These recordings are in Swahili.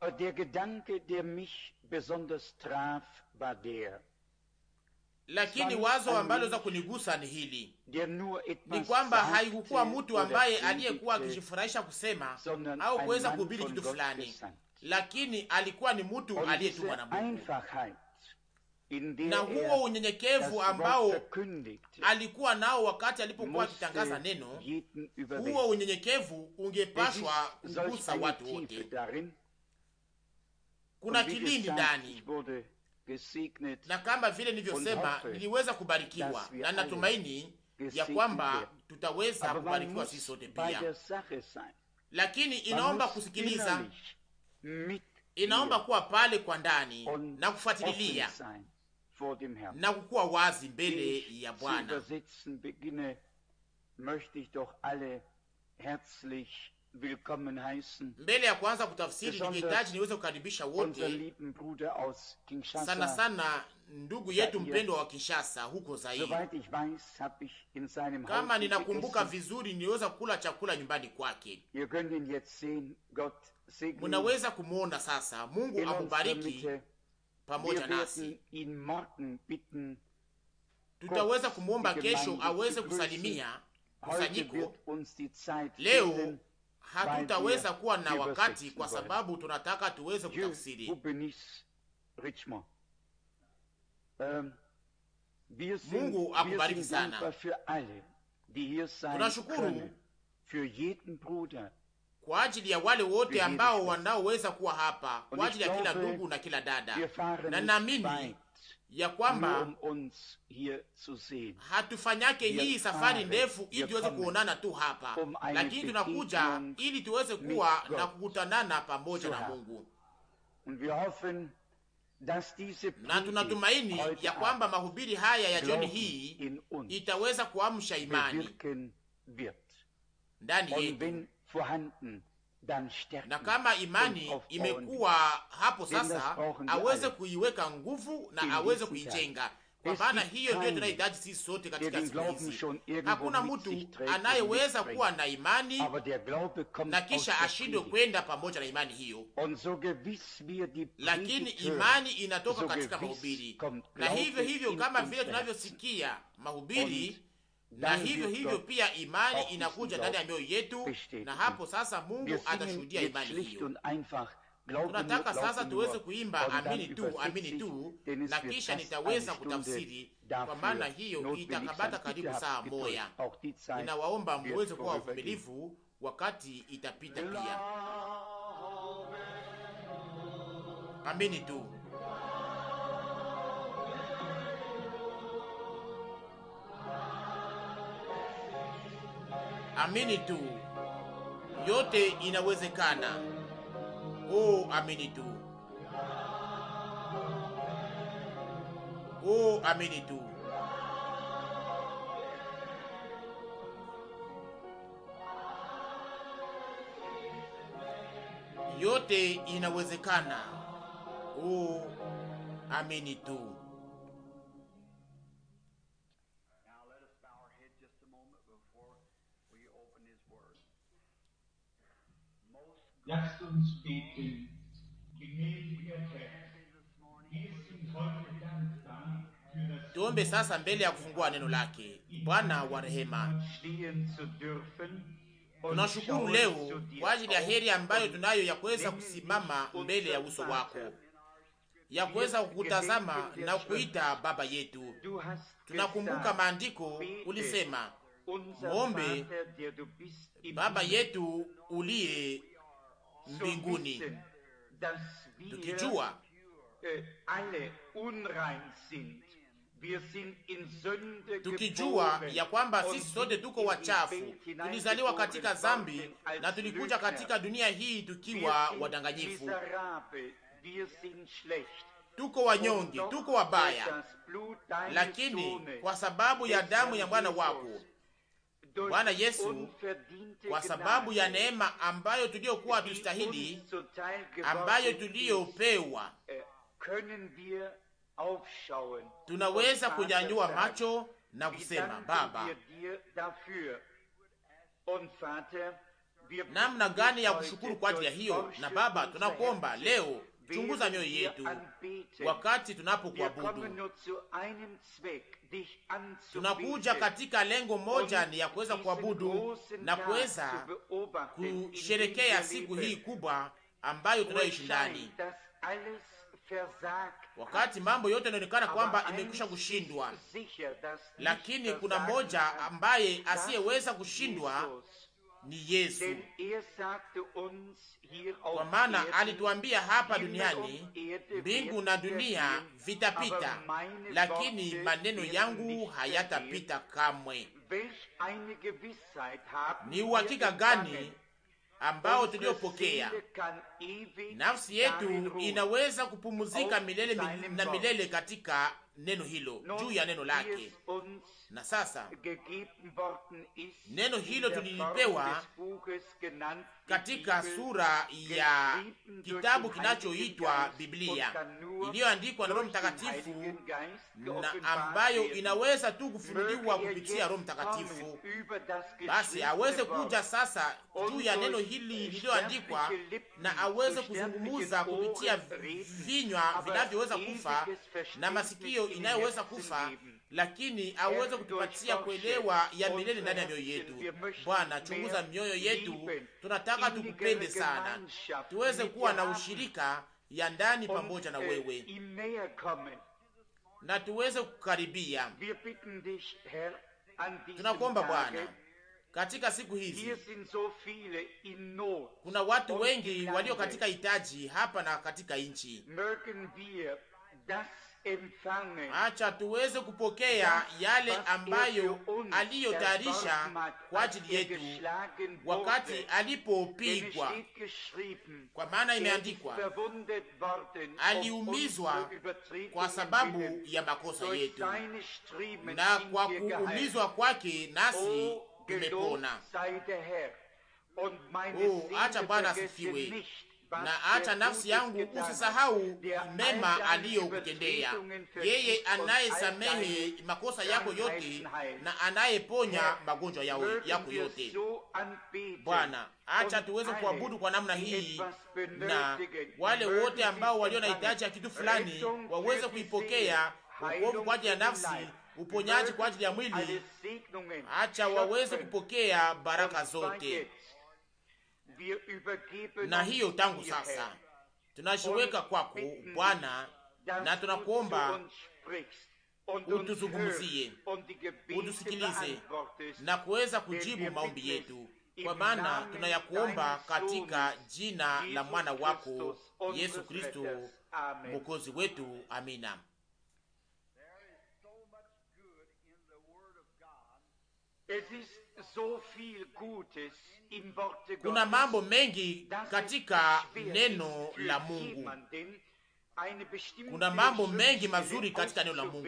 Aber der Gedanke, der mich besonders traf, war der, lakini wazo ambalo weza kunigusa ni hili ni kwamba haikukuwa mtu ambaye aliyekuwa akijifurahisha kusema au kuweza kuhubiri kitu fulani, lakini alikuwa ni mtu aliyetumwa na Mungu, na huo er unyenyekevu ambao alikuwa nao wakati alipokuwa akitangaza neno, huo unyenyekevu ungepashwa kugusa watu wote kuna kilindi ndani, na kama vile nilivyosema, niliweza kubarikiwa na natumaini ya kwamba tutaweza kubarikiwa sisi sote pia, lakini inaomba kusikiliza, inaomba kuwa pale kwa ndani na kufuatililia na kukuwa wazi mbele ya Bwana. Mbele ya kuanza kutafsiri, ningehitaji niweze kukaribisha wote, sana sana ndugu yetu mpendwa wa Kinshasa huko Zairi. Kama ninakumbuka vizuri, niweza kula chakula nyumbani kwake. Munaweza kumwona sasa. Mungu akubariki pamoja nasi. Tutaweza kumwomba kesho aweze kusalimia kusanyiko leo hatutaweza kuwa na wakati, kwa sababu tunataka tuweze kutafsiri. Um, Mungu akubariki sana. Tunashukuru kwa ajili ya wale wote ambao wanaoweza kuwa hapa, kwa ajili ya kila ndugu na kila dada, na naamini ya kwamba hatufanyake hii safari ndefu ili tuweze kuonana tu hapa, lakini tunakuja ili tuweze kuwa na kukutanana pamoja na Mungu na tunatumaini ya kwamba mahubiri haya ya jioni hii itaweza kuamsha imani ndani yetu na kama imani imekuwa hapo sasa, aweze kuiweka nguvu na aweze kuijenga, kwa maana hiyo ndiyo tunahitaji sisi sote katika siku hizi. Hakuna mtu anayeweza kuwa na imani na kisha ashindwe kwenda pamoja na imani hiyo, lakini imani inatoka katika mahubiri, na hivyo hivyo kama vile tunavyosikia mahubiri na hivyo hivyo pia imani inakuja ndani ya mioyo yetu, na hapo sasa Mungu atashuhudia imani hiyo. Tunataka sasa tuweze kuimba amini tu, amini tu, na kisha nitaweza kutafsiri, kwa maana hiyo itakabata karibu saa moya. Ninawaomba muweze kuwa wavumilivu, wakati itapita pia. Amini tu. amini tu, yote inawezekana. Oh, amini tu, oh, amini tu. Yote inawezekana. Oh, amini tu. Lasst uns beten. tuombe sasa mbele ya kufungua neno lake. Bwana wa rehema, tunashukuru leo kwa ajili ya heri ambayo tunayo ya kuweza kusimama mbele ya uso wako ya kuweza kukutazama na kuita Baba yetu. Tunakumbuka maandiko, ulisema mwombe Baba yetu uliye mbinguni, tukijua eh, tukijua ya kwamba sisi sote tuko wachafu, tulizaliwa katika zambi na tulikuja katika dunia hii tukiwa wadanganyifu, tuko wanyonge, tuko wabaya, lakini kwa sababu ya damu ya mwana wako Bwana Yesu, kwa sababu ya neema ambayo tuliyokuwa hatustahili, ambayo tuliyopewa, tunaweza kunyanyua macho na kusema Baba, namna gani ya kushukuru kwa ajili ya hiyo. Na Baba, tunakuomba leo chunguza mioyo yetu wakati tunapokuabudu. Tunakuja katika lengo moja, ni ya kuweza kuabudu na kuweza kusherekea siku hii kubwa ambayo tunayoishi ndani, wakati mambo yote yanaonekana kwamba imekwisha kushindwa, lakini kuna moja ambaye asiyeweza kushindwa ni Yesu, er kwa maana alituambia hapa duniani, mbingu na dunia vitapita, lakini maneno yangu hayatapita kamwe. Ni uhakika gani ambao tuliopokea! Nafsi yetu inaweza kupumuzika milele na milele katika neno hilo, juu ya neno lake. Na sasa neno hilo tulilipewa katika sura ya kitabu kinachoitwa Biblia iliyoandikwa na Roho Mtakatifu na ambayo inaweza tu kufunuliwa kupitia Roho Mtakatifu. Basi aweze kuja sasa juu ya neno hili lililoandikwa na aweze kuzungumuza kupitia vinywa vinavyoweza kufa na masikio inayoweza kufa, lakini aweze kutupatia kuelewa ya milele ndani ya mioyo yetu. Bwana, chunguza mioyo yetu, tunataka tukupende sana, tuweze kuwa na ushirika ya ndani pamoja na wewe na tuweze kukaribia. Tunakuomba Bwana, katika siku hizi kuna watu wengi walio katika hitaji hapa na katika nchi. Acha tuweze kupokea yale ambayo aliyotayarisha kwa ajili yetu wakati alipopigwa, kwa maana imeandikwa, aliumizwa kwa sababu ya makosa yetu, na kwa kuumizwa kwake nasi tumepona. Oh, acha Bwana asifiwe na hata nafsi yangu usisahau mema aliyokutendea yeye, anayesamehe makosa yako yote na anayeponya magonjwa yako yote. Bwana, acha tuweze kuabudu kwa namna hii, na wale wote ambao walio na hitaji ya kitu fulani waweze kuipokea wokovu kwa ajili ya nafsi, uponyaji kwa ajili ya mwili. Acha waweze kupokea baraka zote na hiyo tangu sasa tunajiweka kwako Bwana, na tunakuomba utuzungumzie, utusikilize na kuweza kujibu maombi yetu, kwa maana tunayakuomba katika jina la mwana wako Yesu Kristo mwokozi wetu, amina kuna mambo mengi katika neno la Mungu, kuna mambo mengi mazuri katika neno la Mungu,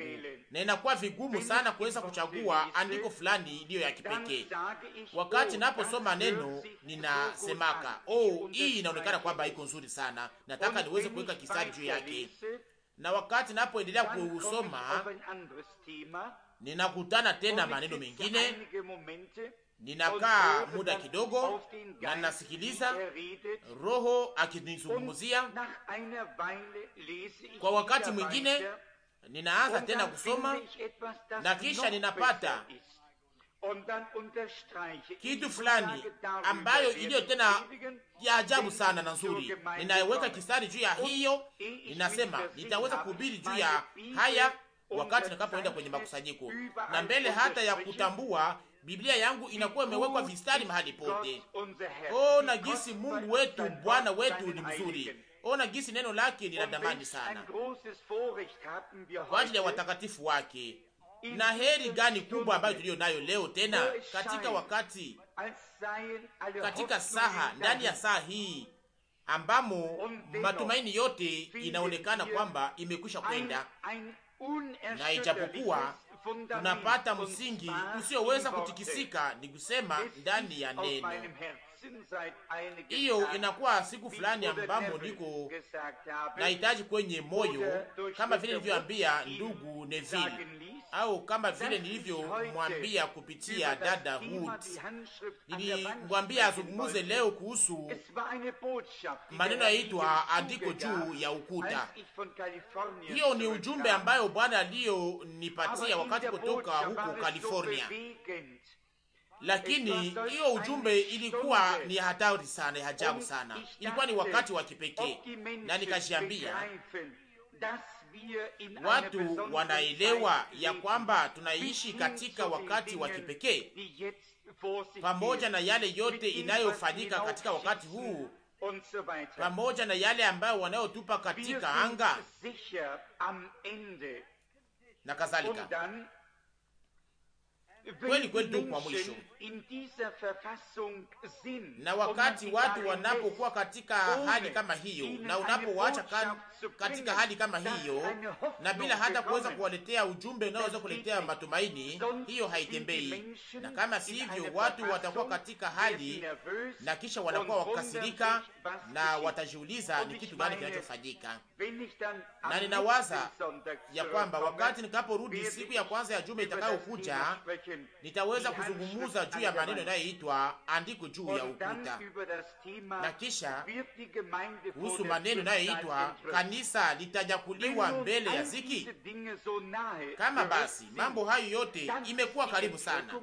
na inakuwa vigumu sana kuweza kuchagua andiko fulani iliyo ya kipekee. Oh, wakati naposoma neno ninasemaka, oh, hii inaonekana kwamba iko nzuri sana, nataka niweze kuweka kisa juu yake, na wakati napoendelea kuusoma ninakutana tena maneno mengine, ninakaa muda kidogo na ninasikiliza Roho akinizungumzia. Kwa wakati mwingine ninaanza tena kusoma na kisha ninapata kitu fulani ambayo iliyo tena ya ajabu sana na nzuri. Ninaweka kisari juu ya hiyo, ninasema nitaweza kuhubiri juu ya haya wakati nitakapoenda kwenye makusanyiko, na mbele hata ya kutambua Biblia yangu inakuwa imewekwa vistari mahali pote. Ona oh, gisi Mungu wetu, Bwana wetu ni mzuri. Ona oh, gisi neno lake lina thamani sana kwa ajili ya watakatifu wake. Na heri gani kubwa ambayo tuliyo nayo leo tena katika wakati, katika saha, ndani ya saa hii ambamo matumaini yote inaonekana kwamba imekwisha kwenda na ijapokuwa tunapata msingi usioweza kutikisika, ni kusema ndani ya neno. Hiyo inakuwa siku fulani ambamo niko nahitaji kwenye moyo, kama vile nilivyoambia ndugu Neville au kama vile nilivyomwambia kupitia dada Hud, nilimwambia azungumuze leo kuhusu maneno yaitwa andiko juu ya ukuta. Hiyo ni ujumbe ambayo Bwana aliyonipatia wakati kutoka huko California, lakini hiyo ujumbe ilikuwa ni hatari sana, hajabu sana. Ilikuwa ni wakati wa kipekee, na nikajiambia watu wanaelewa ya kwamba tunaishi katika wakati wa kipekee, pamoja na yale yote inayofanyika katika wakati huu, pamoja na yale ambayo wanayotupa katika anga na kadhalika kweli kweli tu kwa mwisho. Na wakati watu wanapokuwa katika hali kama hiyo, na unapowaacha katika hali kama hiyo, na bila hata kuweza kuwaletea ujumbe unaoweza kuletea matumaini, hiyo haitembei. Na kama sivyo, watu watakuwa katika hali na kisha wanakuwa wakasirika, na watajiuliza ni kitu gani kinachofanyika. Na ninawaza ya kwamba wakati nikaporudi siku ya kwanza ya juma itakayokuja nitaweza kuzungumuza juu ya maneno inayoitwa andiko juu ya ukuta, na kisha kuhusu maneno inayoitwa kanisa litanyakuliwa mbele ya ziki. Kama basi mambo hayo yote imekuwa karibu sana,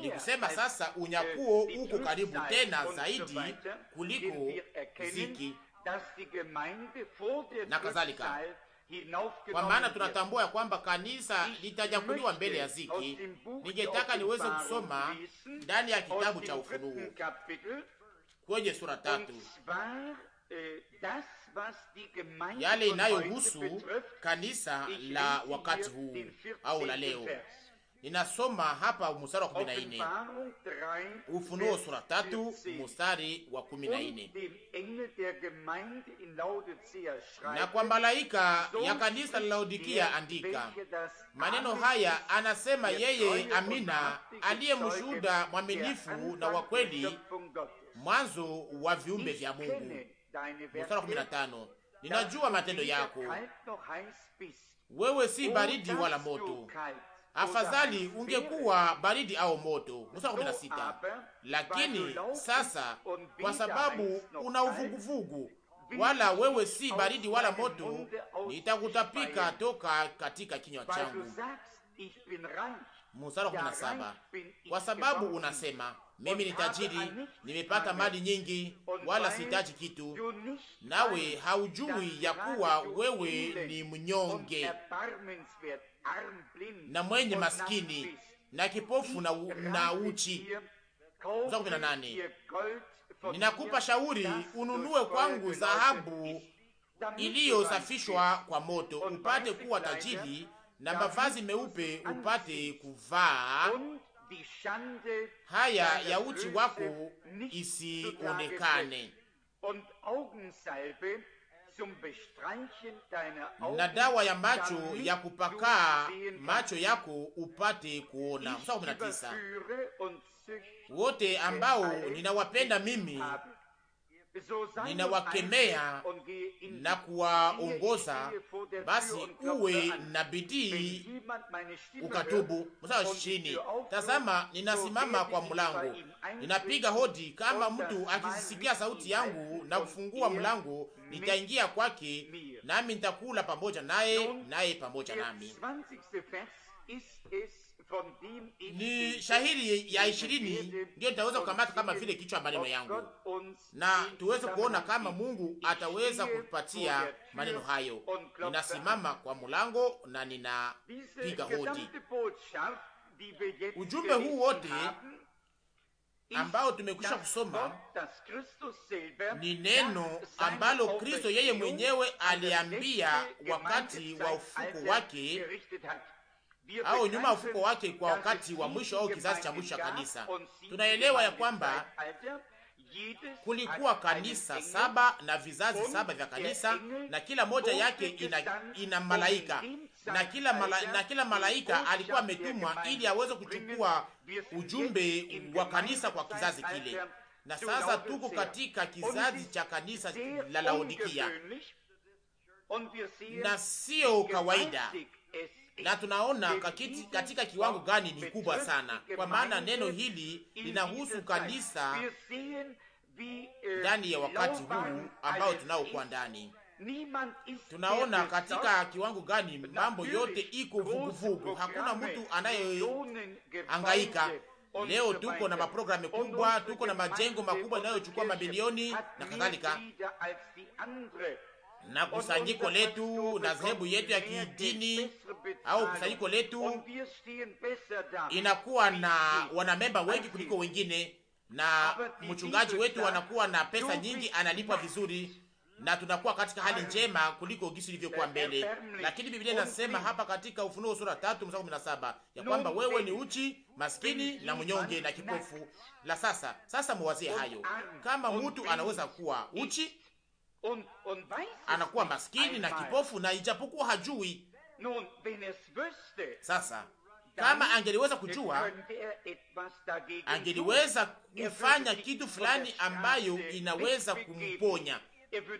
ni kusema sasa unyakuo uko karibu tena zaidi kuliko ziki na kadhalika kwa maana tunatambua ya kwamba kanisa litajakuliwa mbele ya ziki. Ningetaka niweze kusoma ndani ya kitabu cha Ufunuo kwenye sura tatu eh, yale inayohusu kanisa la wakati huu au la leo Ninasoma hapa mstari wa 14. Ufunuo sura tatu mstari wa 14. Na kwa malaika ya kanisa la Laodikia andika maneno haya, anasema yeye, Amina, aliye mshuhuda mwaminifu na wa kweli, mwanzo wa viumbe vya Mungu. Mstari wa 15. Ninajua matendo yako, wewe si baridi wala moto afadhali ungekuwa baridi au moto. Mstari 16. Lakini sasa kwa sababu una uvuguvugu, wala wewe si baridi wala moto, nitakutapika toka katika kinywa changu mstari wa saba kwa sababu unasema mimi ni tajiri, nimepata mali nyingi, wala sihitaji kitu, nawe haujui ya kuwa wewe ni mnyonge na mwenye maskini na kipofu na, na uchi. Ninakupa shauri ununue kwangu dhahabu iliyosafishwa kwa moto, upate kuwa tajiri na mavazi meupe upate kuvaa, haya ya uchi wako isionekane, na dawa ya macho ya kupakaa macho yako upate kuona. Mstari kumi na tisa, wote ambao ninawapenda mimi ninawakemea na kuwaongoza, basi uwe na bidii ukatubu. Msaa chini, tazama, ninasimama kwa mlango, ninapiga hodi. Kama mtu akisikia sauti yangu na kufungua mlango, nitaingia kwake, nami nitakula pamoja naye, naye pamoja nami ni shahiri ya ishirini ndiyo nitaweza kukamata kama vile kichwa maneno yangu, na tuweze kuona kama Mungu ataweza kutupatia maneno hayo. Ninasimama kwa mulango na ninapiga hodi. Ujumbe huu wote ambao tumekwisha kusoma ni neno ambalo Kristo yeye mwenyewe aliambia wakati wa ufuko wake au nyuma ya ufuko wake kwa wakati wa mwisho au kizazi cha mwisho ya kanisa. Tunaelewa ya kwamba kulikuwa kanisa saba na vizazi saba vya kanisa, na kila moja yake ina, ina malaika na kila, mala, na kila malaika alikuwa ametumwa ili aweze kuchukua ujumbe wa kanisa kwa kizazi kile. Na sasa tuko katika kizazi cha kanisa la Laodikia, na sio kawaida na tunaona kakiti, katika kiwango gani ni kubwa sana, kwa maana neno hili linahusu kanisa uh, ndani ya wakati huu ambao tunaokuwa ndani. Tunaona katika kiwango gani mambo yote iko vuguvugu, hakuna mtu anayehangaika. Uh, Leo tuko na maprogramu kubwa, tuko na majengo makubwa yanayochukua mabilioni na kadhalika na kusanyiko letu na dhehebu yetu ya kidini au kusanyiko letu inakuwa na wanamemba wengi kuliko wengine, na mchungaji wetu anakuwa na pesa nyingi, analipwa vizuri, na tunakuwa katika hali njema kuliko gisi ilivyokuwa mbele. Lakini Biblia inasema hapa katika Ufunuo sura tatu mstari kumi saba ya kwamba wewe ni uchi, maskini na mnyonge na kipofu. La sasa, sasa muwazie hayo, kama mtu anaweza kuwa uchi anakuwa maskini na kipofu, na ijapokuwa hajui. Sasa kama angeliweza kujua, angeliweza kufanya kitu fulani ambayo inaweza kumponya.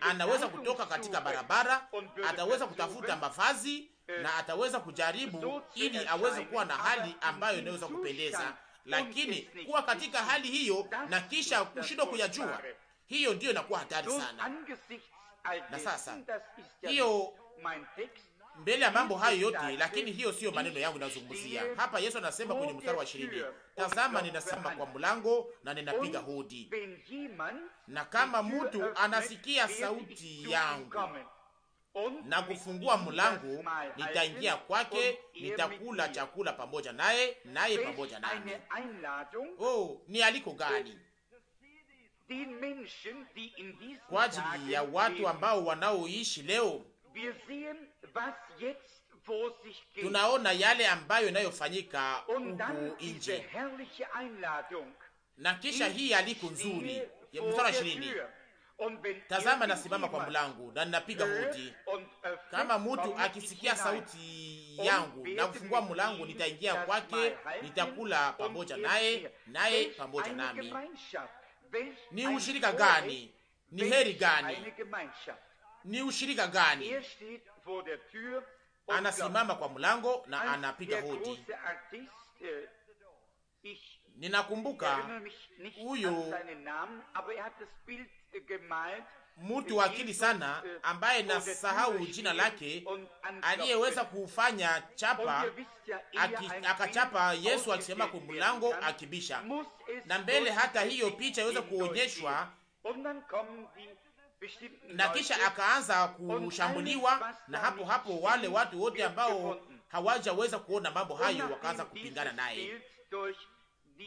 Anaweza kutoka katika barabara, ataweza kutafuta mavazi eh, na ataweza kujaribu ili aweze kuwa na hali ambayo inaweza kupendeza, lakini kuwa katika hali hiyo na kisha kushindwa kuyajua hiyo ndiyo inakuwa hatari sana. Na sasa hiyo mbele ya mambo hayo yote lakini hiyo siyo maneno yangu ninazungumzia hapa. Yesu anasema kwenye mstari wa ishirini, tazama ninasema kwa mlango na ninapiga hodi, na kama mtu anasikia sauti yangu na kufungua mlango, nitaingia kwake, er nitakula chakula pamoja naye, naye pamoja nami. Oh, ni aliko gani kwa ajili ya watu ambao wanaoishi leo. Tunaona yale ambayo inayofanyika huku nje, na kisha hii aliko nzuri ya mstari ishirini Tazama, nasimama kwa mlango na ninapiga hodi. Kama mtu akisikia sauti yangu na kufungua mlango, nitaingia kwake, nitakula pamoja er naye, naye pamoja nami. Ni ushirika gani? Ni heri gani? Ni ushirika gani? Anasimama kwa mlango na anapiga hodi. Uh, Ninakumbuka huyo mtu wa akili sana ambaye nasahau jina lake, aliyeweza kufanya chapa aki, akachapa Yesu akisema kwa mlango akibisha, na mbele hata hiyo picha iweze kuonyeshwa na kisha akaanza kushambuliwa, na hapo hapo wale watu wote ambao hawajaweza kuona mambo hayo wakaanza kupingana naye.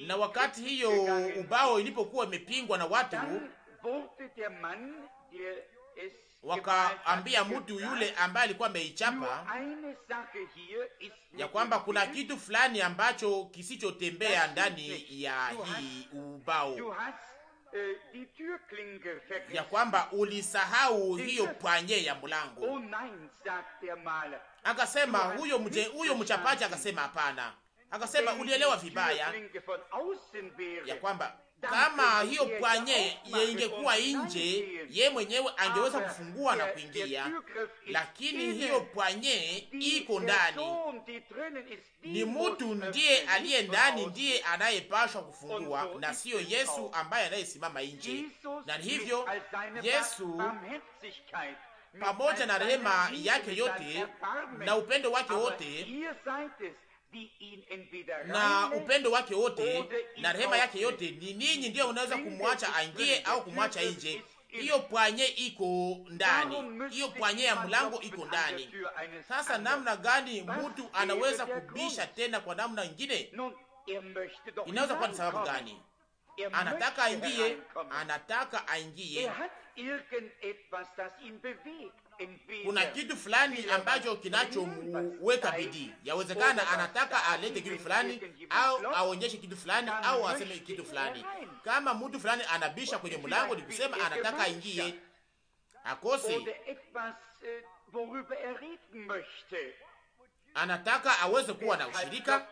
Na wakati hiyo ubao ilipokuwa imepingwa na watu, wakaambia mtu yule ambaye alikuwa ameichapa ya kwamba kuna kitu fulani ambacho kisichotembea ndani ya hii ubao, ya kwamba ulisahau hiyo pwanye ya mlango. Akasema huyo mje, huyo mchapaji akasema hapana, akasema ulielewa vibaya ya kwamba kama hiyo pwanye ingekuwa nje, ye mwenyewe angeweza kufungua na kuingia, lakini hiyo pwanye iko ndani. Ni mutu ndiye aliye ndani ndiye anayepashwa kufungua, na siyo Yesu ambaye anayesimama nje. Na hivyo Yesu pamoja na rehema yake yote na upendo wake wote na upendo wake wote na rehema yake yote, ni ninyi ndiyo unaweza kumwacha aingie au kumwacha nje. Hiyo pwanye iko ndani, hiyo pwanye ya mlango iko ndani. Sasa namna gani mtu anaweza kubisha tena? Kwa namna nyingine inaweza kuwa ni sababu gani? Anataka aingie, anataka aingie kuna kitu fulani ambacho kinachoweka bidii. Yawezekana anataka alete kitu fulani au aonyeshe kitu fulani au aseme kitu fulani. Kama mtu fulani anabisha kwenye mlango, ni kusema anataka aingie, akose äh, er anataka aweze kuwa na ushirika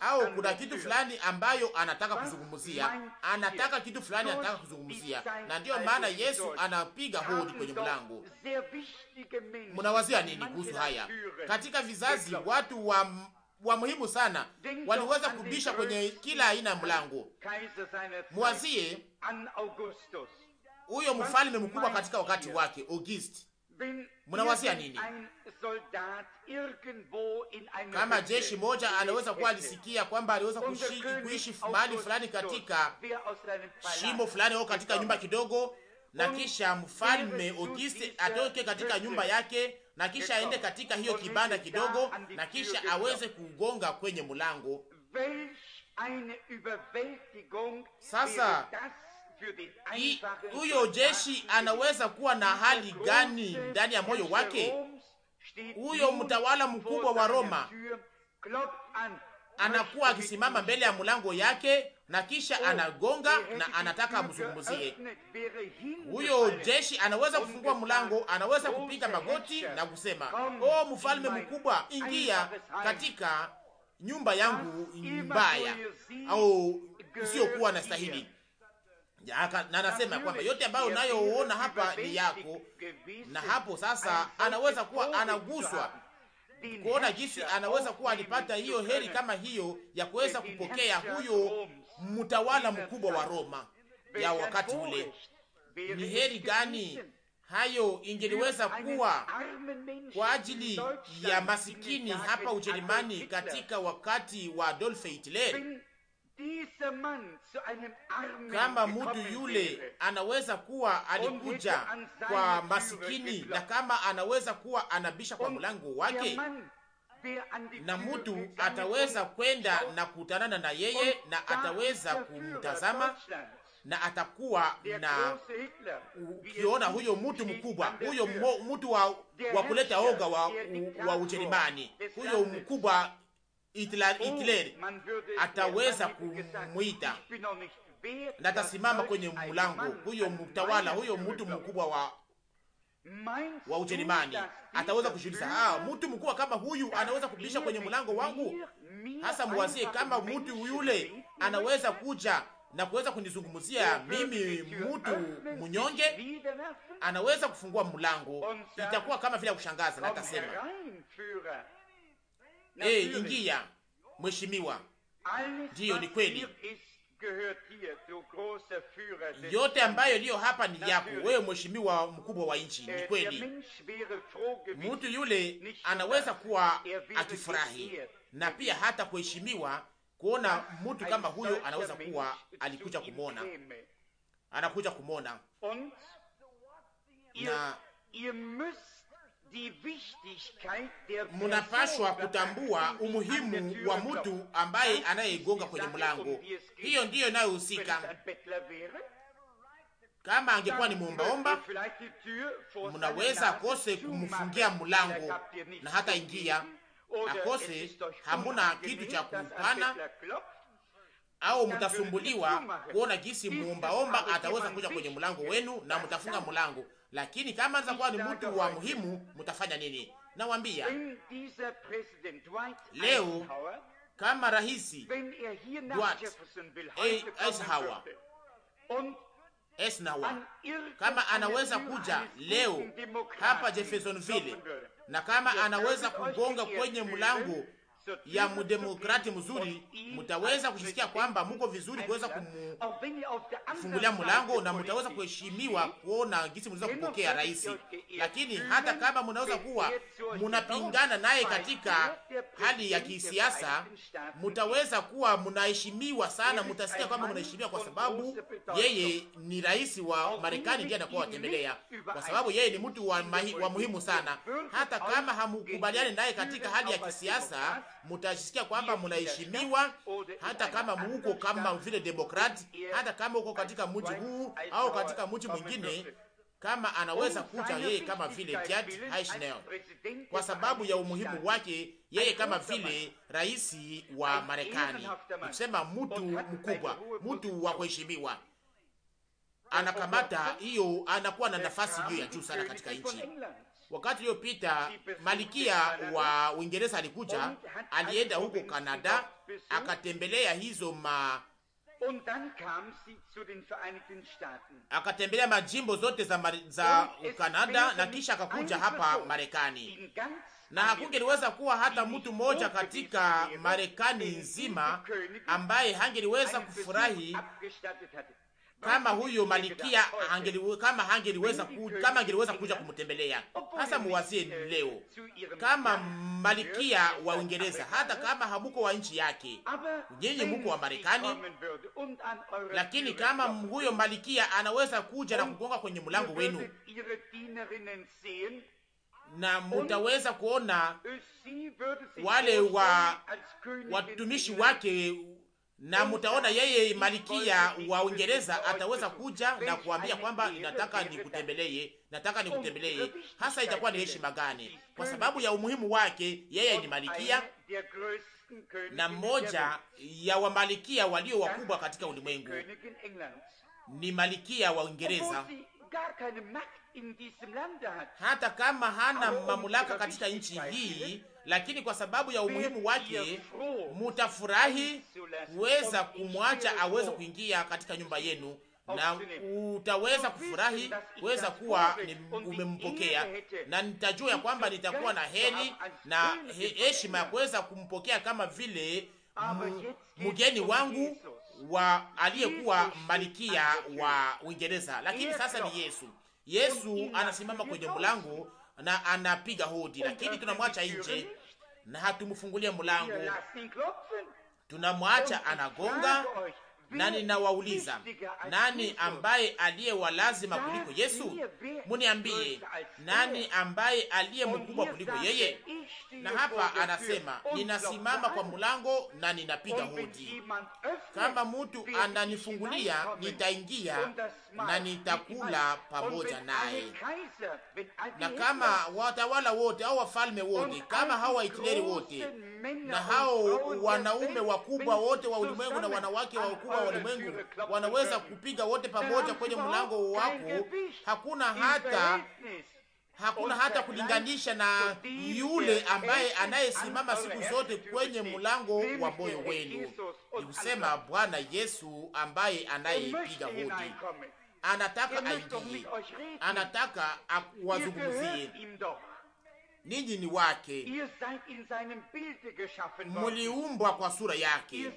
au kuna kitu fulani ambayo anataka kuzungumzia, anataka kitu fulani anataka kuzungumzia, na ndiyo maana Yesu anapiga hodi kwenye mlango. Mnawazia nini kuhusu haya? Katika vizazi watu wa wa muhimu sana waliweza kubisha kwenye kila aina ya mlango. Mwazie huyo mfalme mkubwa katika wakati wake August Munawazia nini? Kama jeshi moja anaweza kuwa alisikia kwamba aliweza kuishi mahali fulani katika shimo fulani au katika nyumba kidogo, na kisha mfalme Auguste atoke katika nyumba yake, na kisha aende katika hiyo kibanda kidogo, na kisha aweze kugonga kwenye mlango. Sasa huyo jeshi anaweza kuwa na hali gani ndani ya moyo wake? Huyo mtawala mkubwa wa Roma anakuwa akisimama mbele ya mlango yake na kisha oh, anagonga na anataka amzungumzie. Huyo jeshi anaweza kufungua mlango, anaweza kupiga magoti na kusema oh, mfalme mkubwa, ingia katika nyumba yangu mbaya au isiyokuwa na stahili na anasema kwamba yote ambayo unayoona hapa ni yako, na hapo sasa anaweza kuwa anaguswa kuona jinsi anaweza kuwa alipata hiyo heri kama hiyo ya kuweza kupokea huyo mtawala mkubwa wa Roma ya wakati ule. Ni heri gani hayo ingeliweza kuwa kwa ajili ya masikini hapa Ujerumani katika wakati wa Adolf Hitler kama mtu yule anaweza kuwa um alikuja kwa masikini na kama anaweza kuwa anabisha kwa um mlango wake, na mtu ataweza kwenda na kutanana na yeye na ataweza kumtazama na atakuwa na er ukiona huyo mtu mkubwa huyo mtu wa, wa kuleta oga wa, wa Ujerumani huyo mkubwa hitler oh, ataweza kumwita na atasimama kwenye mlango huyo, mtawala huyo, mtu mkubwa wa wa Ujerumani ataweza kujiuliza, ah, mtu mkubwa kama huyu anaweza kupisha kwenye mlango wangu? Hasa mwazie kama mtu yule anaweza kuja na kuweza kunizungumzia mimi, mtu mnyonge, anaweza kufungua mlango. Itakuwa kama vile ya kushangaza, na atasema Hey, eh, ingia mheshimiwa. Ndiyo, ni kweli, yote ambayo iliyo hapa ni yako wewe, mheshimiwa mkubwa wa nchi. Ni eh, kweli, mtu yule anaweza kuwa er akifurahi na pia hata kuheshimiwa kuona mtu kama huyo, anaweza kuwa alikuja kumwona, anakuja kumwona na munapashwa kutambua umuhimu wa mtu ambaye anayeigonga kwenye mlango. Hiyo ndiyo inayohusika. Kama angekuwa ni muombaomba, munaweza kose kumfungia mlango na hata ingia akose, hamuna kitu cha kupana au mtasumbuliwa kuona jinsi muombaomba ataweza kuja kwenye mlango wenu na mtafunga mlango. Lakini kama anza kuwa ni mtu wa muhimu, mtafanya nini? Nawambia uh, leo kama rahisi uh, Eisenhower kama anaweza kuja leo hapa Jeffersonville, na kama anaweza kugonga kwenye mlango ya mdemokrati mzuri, mutaweza kusikia kwamba muko vizuri kuweza kumfungulia mlango na mutaweza kuheshimiwa kuona gisi mnaweza kupokea rais. Lakini hata kama mnaweza kuwa munapingana naye katika hali ya kisiasa, mutaweza kuwa mnaheshimiwa sana, mutasikia kwamba mnaheshimiwa kwa sababu yeye ni rais wa Marekani, ndiye anakuwa watembelea, kwa sababu yeye ni mtu wa, wa muhimu sana, hata kama hamukubaliani naye katika hali ya kisiasa mutashisikia kwamba mnaheshimiwa, hata kama muko kama vile demokrati, hata kama uko katika mji huu au katika mji mwingine kama anaweza oh, kuja yeye kama vile Gerd Eisenhower kwa sababu ya umuhimu wake yeye kama vile rais wa Marekani, kusema mtu mkubwa, mtu wa kuheshimiwa, anakamata hiyo, anakuwa na nafasi hiyo ya juu sana katika nchi Wakati uliopita malikia wa Uingereza alikuja, alienda huko Kanada, akatembelea hizo ma akatembelea majimbo zote za, mar... za Kanada na kisha akakuja hapa Marekani, na hakungeliweza kuwa hata mtu mmoja katika Marekani nzima ambaye hangeliweza kufurahi kama huyo malikia angeliwe, kama angeliweza ku, kama angeliweza kuja kumtembelea hasa. Muwazie leo kama malikia wa Uingereza, hata kama hamuko wa nchi yake, nyinyi muko wa Marekani, lakini kama huyo malikia anaweza kuja na kugonga kwenye mlango wenu na mutaweza kuona wale wa watumishi wake na mutaona yeye malikia wa Uingereza ataweza kuja na kuambia kwamba nataka nikutembelee, nataka nikutembelee. Hasa itakuwa ni heshima gani? Kwa sababu ya umuhimu wake, yeye ni malikia na mmoja ya wamalikia walio wakubwa katika ulimwengu ni malikia wa Uingereza hata kama hana mamlaka katika nchi hii, lakini kwa sababu ya umuhimu wake mutafurahi kuweza kumwacha aweze kuingia katika nyumba yenu, na utaweza kufurahi kuweza kuwa umempokea, na nitajua ya kwamba nitakuwa na heri na heshima ya kuweza kumpokea kama vile mgeni wangu wa aliyekuwa malikia wa Uingereza, lakini sasa ni Yesu. Yesu anasimama kwenye mlango na anapiga hodi, lakini tunamwacha nje na hatumfungulie mlango, tunamwacha anagonga na ninawauliza, nani ambaye aliye wa lazima kuliko Yesu? Muniambie, nani ambaye aliye mkubwa kuliko yeye? Na hapa anasema ninasimama kwa mlango na ninapiga hodi. Kama mtu ananifungulia, nitaingia na nitakula pamoja naye. Na kama watawala wote au wafalme wote, kama hao Wahitileli wote na hao wanaume wakubwa wote wa ulimwengu na wanawake wakubwa wa ulimwengu wanaweza kupiga wote pamoja kwenye mlango wako. Hakuna hata hakuna hata kulinganisha na yule ambaye anayesimama siku zote kwenye mlango wa moyo wenu, ni kusema Bwana Yesu ambaye anayepiga hodi anataka aingie, anataka wazungumzie ninyi. Ni wake, muliumbwa kwa sura yake,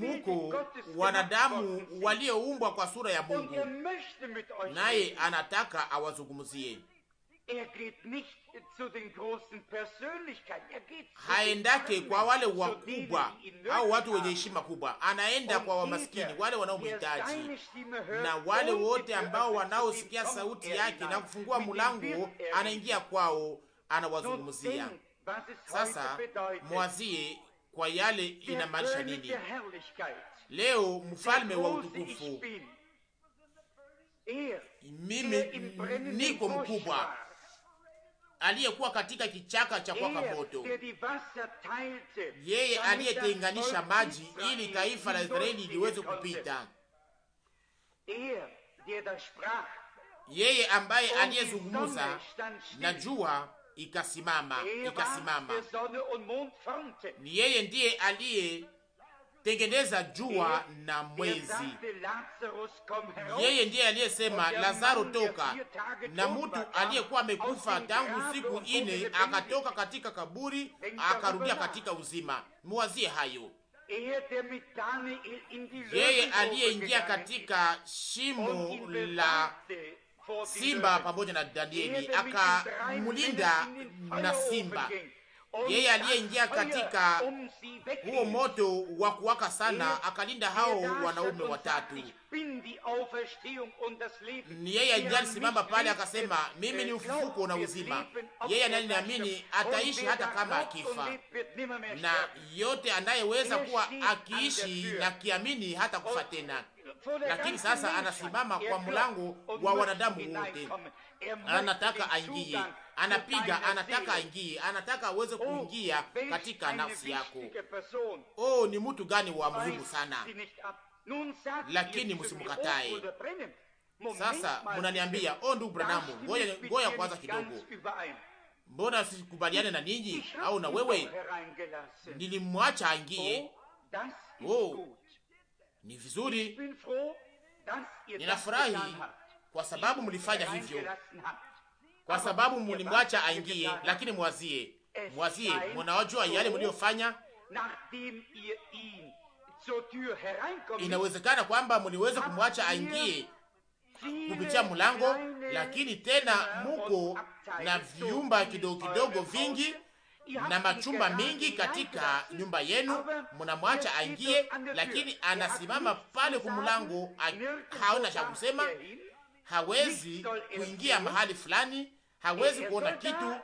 muko wanadamu walioumbwa kwa sura ya Mungu, naye anataka awazungumzie. Er er Haendake kwa wale wakubwa au watu wenye heshima kubwa, anaenda kwa wamaskini, wale wanaomhitaji, na wale wote ambao wanaosikia sauti er yake na kufungua mlango, anaingia kwao, anawazungumzia. Sasa mwazie kwa yale inamaanisha nini. Leo mfalme wa utukufu, mimi niko mkubwa aliyekuwa katika kichaka cha kwaka moto, yeye aliyetenganisha maji ili taifa la Israeli liweze kupita, yeye ambaye aliyezungumza na jua ikasimama, ikasimama. Ni yeye ndiye aliyetengeneza jua na mwezi, yeye ndiye aliyesema, Lazaro toka, na mtu aliyekuwa amekufa tangu siku ine akatoka katika kaburi akarudia katika uzima. Muwazie hayo yeye aliyeingia katika shimo la simba pamoja na Danieli, akamlinda na simba, yeye aliyeingia katika huo moto wa kuwaka sana, akalinda hao wanaume watatu. Ni yeye ndiye alisimama pale akasema, mimi ni ufufuko na uzima, yeye anayeniamini ataishi hata kama akifa, na yote anayeweza kuwa akiishi na kiamini hata kufa tena lakini sasa anasimama kwa mlango wa wanadamu wote, anataka aingie, anapiga, anataka aingie, anataka aweze oh, kuingia katika nafsi yako. Oh, ni mtu gani wa muhimu sana, lakini msimkatae. Sasa mnaniambia oh, ndugu Branamu, ngoja ngoja kwanza kidogo, mbona sikubaliane na ninyi au na wewe? Nilimwacha aingie. Oh, ni vizuri, ninafurahi kwa sababu mlifanya hivyo, kwa sababu mlimwacha aingie. Lakini mwazie, mwazie, mnawajua yale mliyofanya. Inawezekana kwamba mliweza kumwacha aingie kupitia mlango, lakini tena muko na viumba kidogo kidogo vingi na machumba mingi katika nyumba yenu, mnamwacha aingie, lakini anasimama pale kumulango haona cha kusema, hawezi kuingia mahali fulani, hawezi kuona kitu,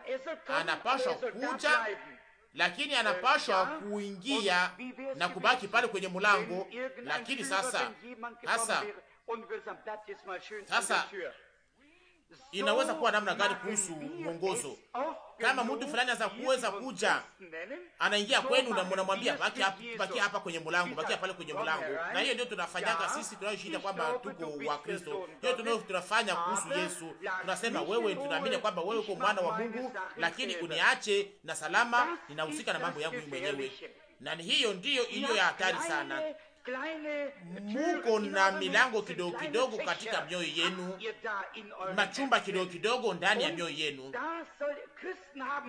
anapashwa kuja lakini anapashwa kuingia na kubaki pale kwenye mlango. Lakini sasa sasa inaweza kuwa namna gani kuhusu mwongozo? Kama mtu fulani aza kuweza kuja, anaingia kwenu na mnamwambia baki hapa, baki hapa kwenye mlango, baki pale kwenye mlango. Na hiyo ndio tunafanyaga sisi tunayoshinda kwamba tuko wa Kristo. Hiyo tunayo tunafanya kuhusu Yesu. Tunasema wewe, tunaamini kwamba wewe uko mwana wa Mungu, lakini uniache na salama, ninahusika na mambo yangu mwenyewe. Na hiyo ndiyo iliyo ya hatari sana muko na milango kidogo kidogo katika mioyo yenu, machumba kidogo kidogo ndani ya mioyo yenu.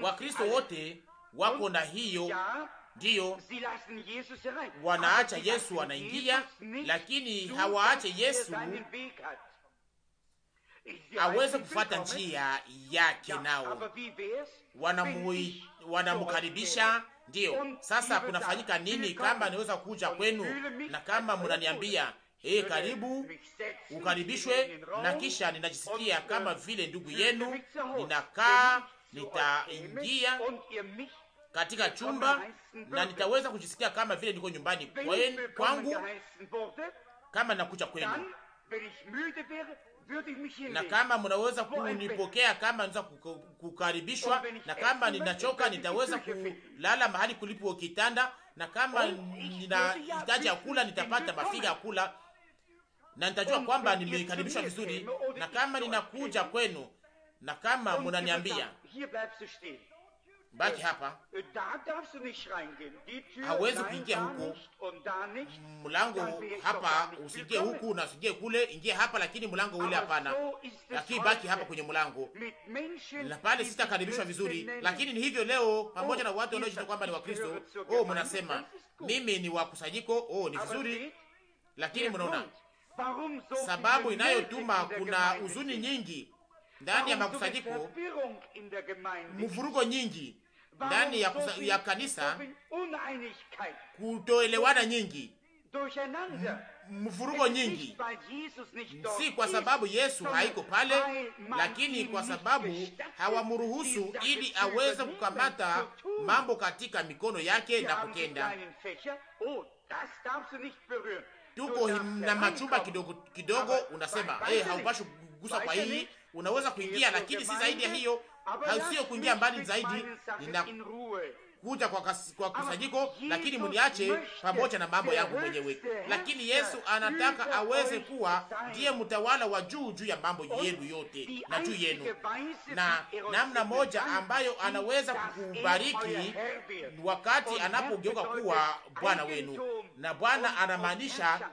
Wakristo wote wako na hiyo ndiyo, wanaacha Yesu anaingia, lakini hawaache Yesu aweze kufata njia yake, nao wanamkaribisha Ndiyo, sasa kunafanyika nini kama niweza kuja kwenu na kama mnaniambia eh, karibu ukaribishwe, na kisha ninajisikia kama vile ndugu yenu, ninakaa nitaingia katika chumba na nitaweza kujisikia kama vile niko nyumbani kwangu kama nakuja kwenu na kama mnaweza kunipokea, kama naweza kukaribishwa, na kama ninachoka nitaweza kulala mahali kulipo kitanda, na kama oh, ninahitaji ya kula nitapata mafiga ya kula, na nitajua kwamba nimekaribishwa vizuri, na kama ninakuja kwenu, na kama mnaniambia baki äh, hapa, hawezi kuingia huku mm, mlango hapa, usiingie huku na usiingie kule, ingie hapa, lakini mlango ule hapana, lakini baki hapa kwenye mlango na pale sitakaribishwa vizuri. Lakini ni hivyo leo, pamoja na oh, watu wanaojiita kwamba ni Wakristo. Oh, mnasema mimi ni wakusanyiko. Oh, ni vizuri, lakini mnaona sababu inayotuma kuna huzuni nyingi ndani ya makusanyiko, mvurugo nyingi ndani ya, ya kanisa, kutoelewana nyingi, mvurugo nyingi, si kwa sababu Yesu haiko pale, lakini kwa sababu hawamruhusu ili aweze kukamata mambo katika mikono yake na kutenda oh, tuko na machumba kidogo kidogo, unasema hey, eh, haupashi kugusa kwa hii unaweza kuingia, lakini si zaidi ya hiyo, hausiyo kuingia mbali zaidi. Ninakuja kwa, kas, kwa kusanyiko, lakini mniache pamoja na mambo yangu mwenyewe. Lakini Yesu anataka aweze kuwa ndiye mtawala wa juu juu ya mambo yenu yote na juu yenu, na namna moja ambayo anaweza kukubariki wakati anapogeuka kuwa Bwana wenu, na Bwana anamaanisha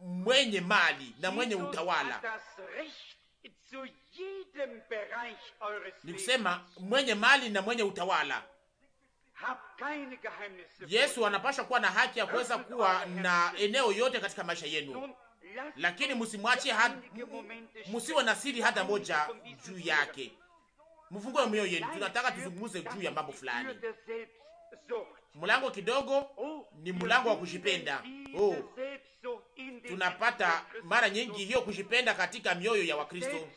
mwenye mali na mwenye utawala ni kusema mwenye mali na mwenye utawala. Yesu anapasha kuwa na haki ya kuweza kuwa na eneo yote katika maisha yenu, lakini msimwachie, msiwe na siri hata moja juu yake. Mfungue mioyo yenu, tunataka tuzungumze juu ya mambo fulani. Mlango kidogo oh, ni mlango wa kujipenda. Oh, tunapata mara nyingi hiyo kujipenda katika mioyo ya Wakristo,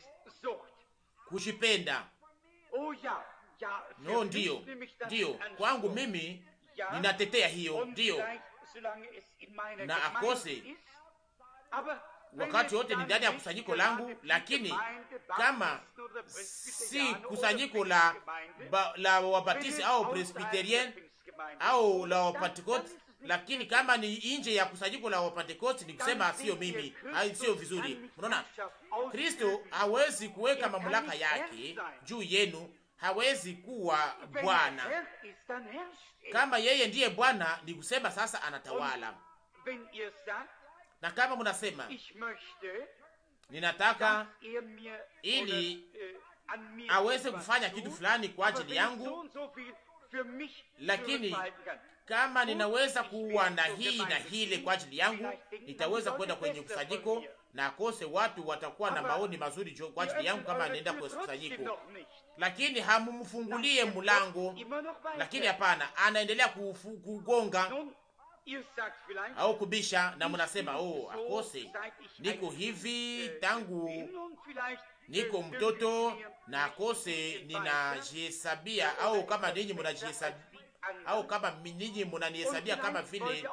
kujipenda. Oh no, ndiyo, ndiyo, kwangu mimi ninatetea hiyo, ndiyo, na akose wakati wote ni ndani ya kusanyiko langu, lakini kama si kusanyiko la, la wabatisi au presbyterien au la wapatikoti lakini kama ni nje ya kusanyiko la Wapentekosti ni kusema sio mimi, sio vizuri. Unaona, Kristo hawezi kuweka mamlaka yake juu yenu, hawezi kuwa Bwana kama yeye ndiye Bwana. Ni kusema sasa anatawala, na kama mnasema ninataka ili äh, aweze kufanya kitu fulani kwa ajili yangu, lakini kama ninaweza kuwa na hii na hile kwa ajili yangu, nitaweza kwenda kwenye kusanyiko na kose watu watakuwa na maoni mazuri kwa ajili yangu kama nienda kwa kusanyiko, lakini hamumfungulie mlango. Lakini hapana, anaendelea kugonga au kubisha, na mnasema oh, akose niko hivi uh, tangu niko mtoto na akose ninajihesabia, au kama ninyi mnajihesabia au kama minyinyi munanihesabia kama vile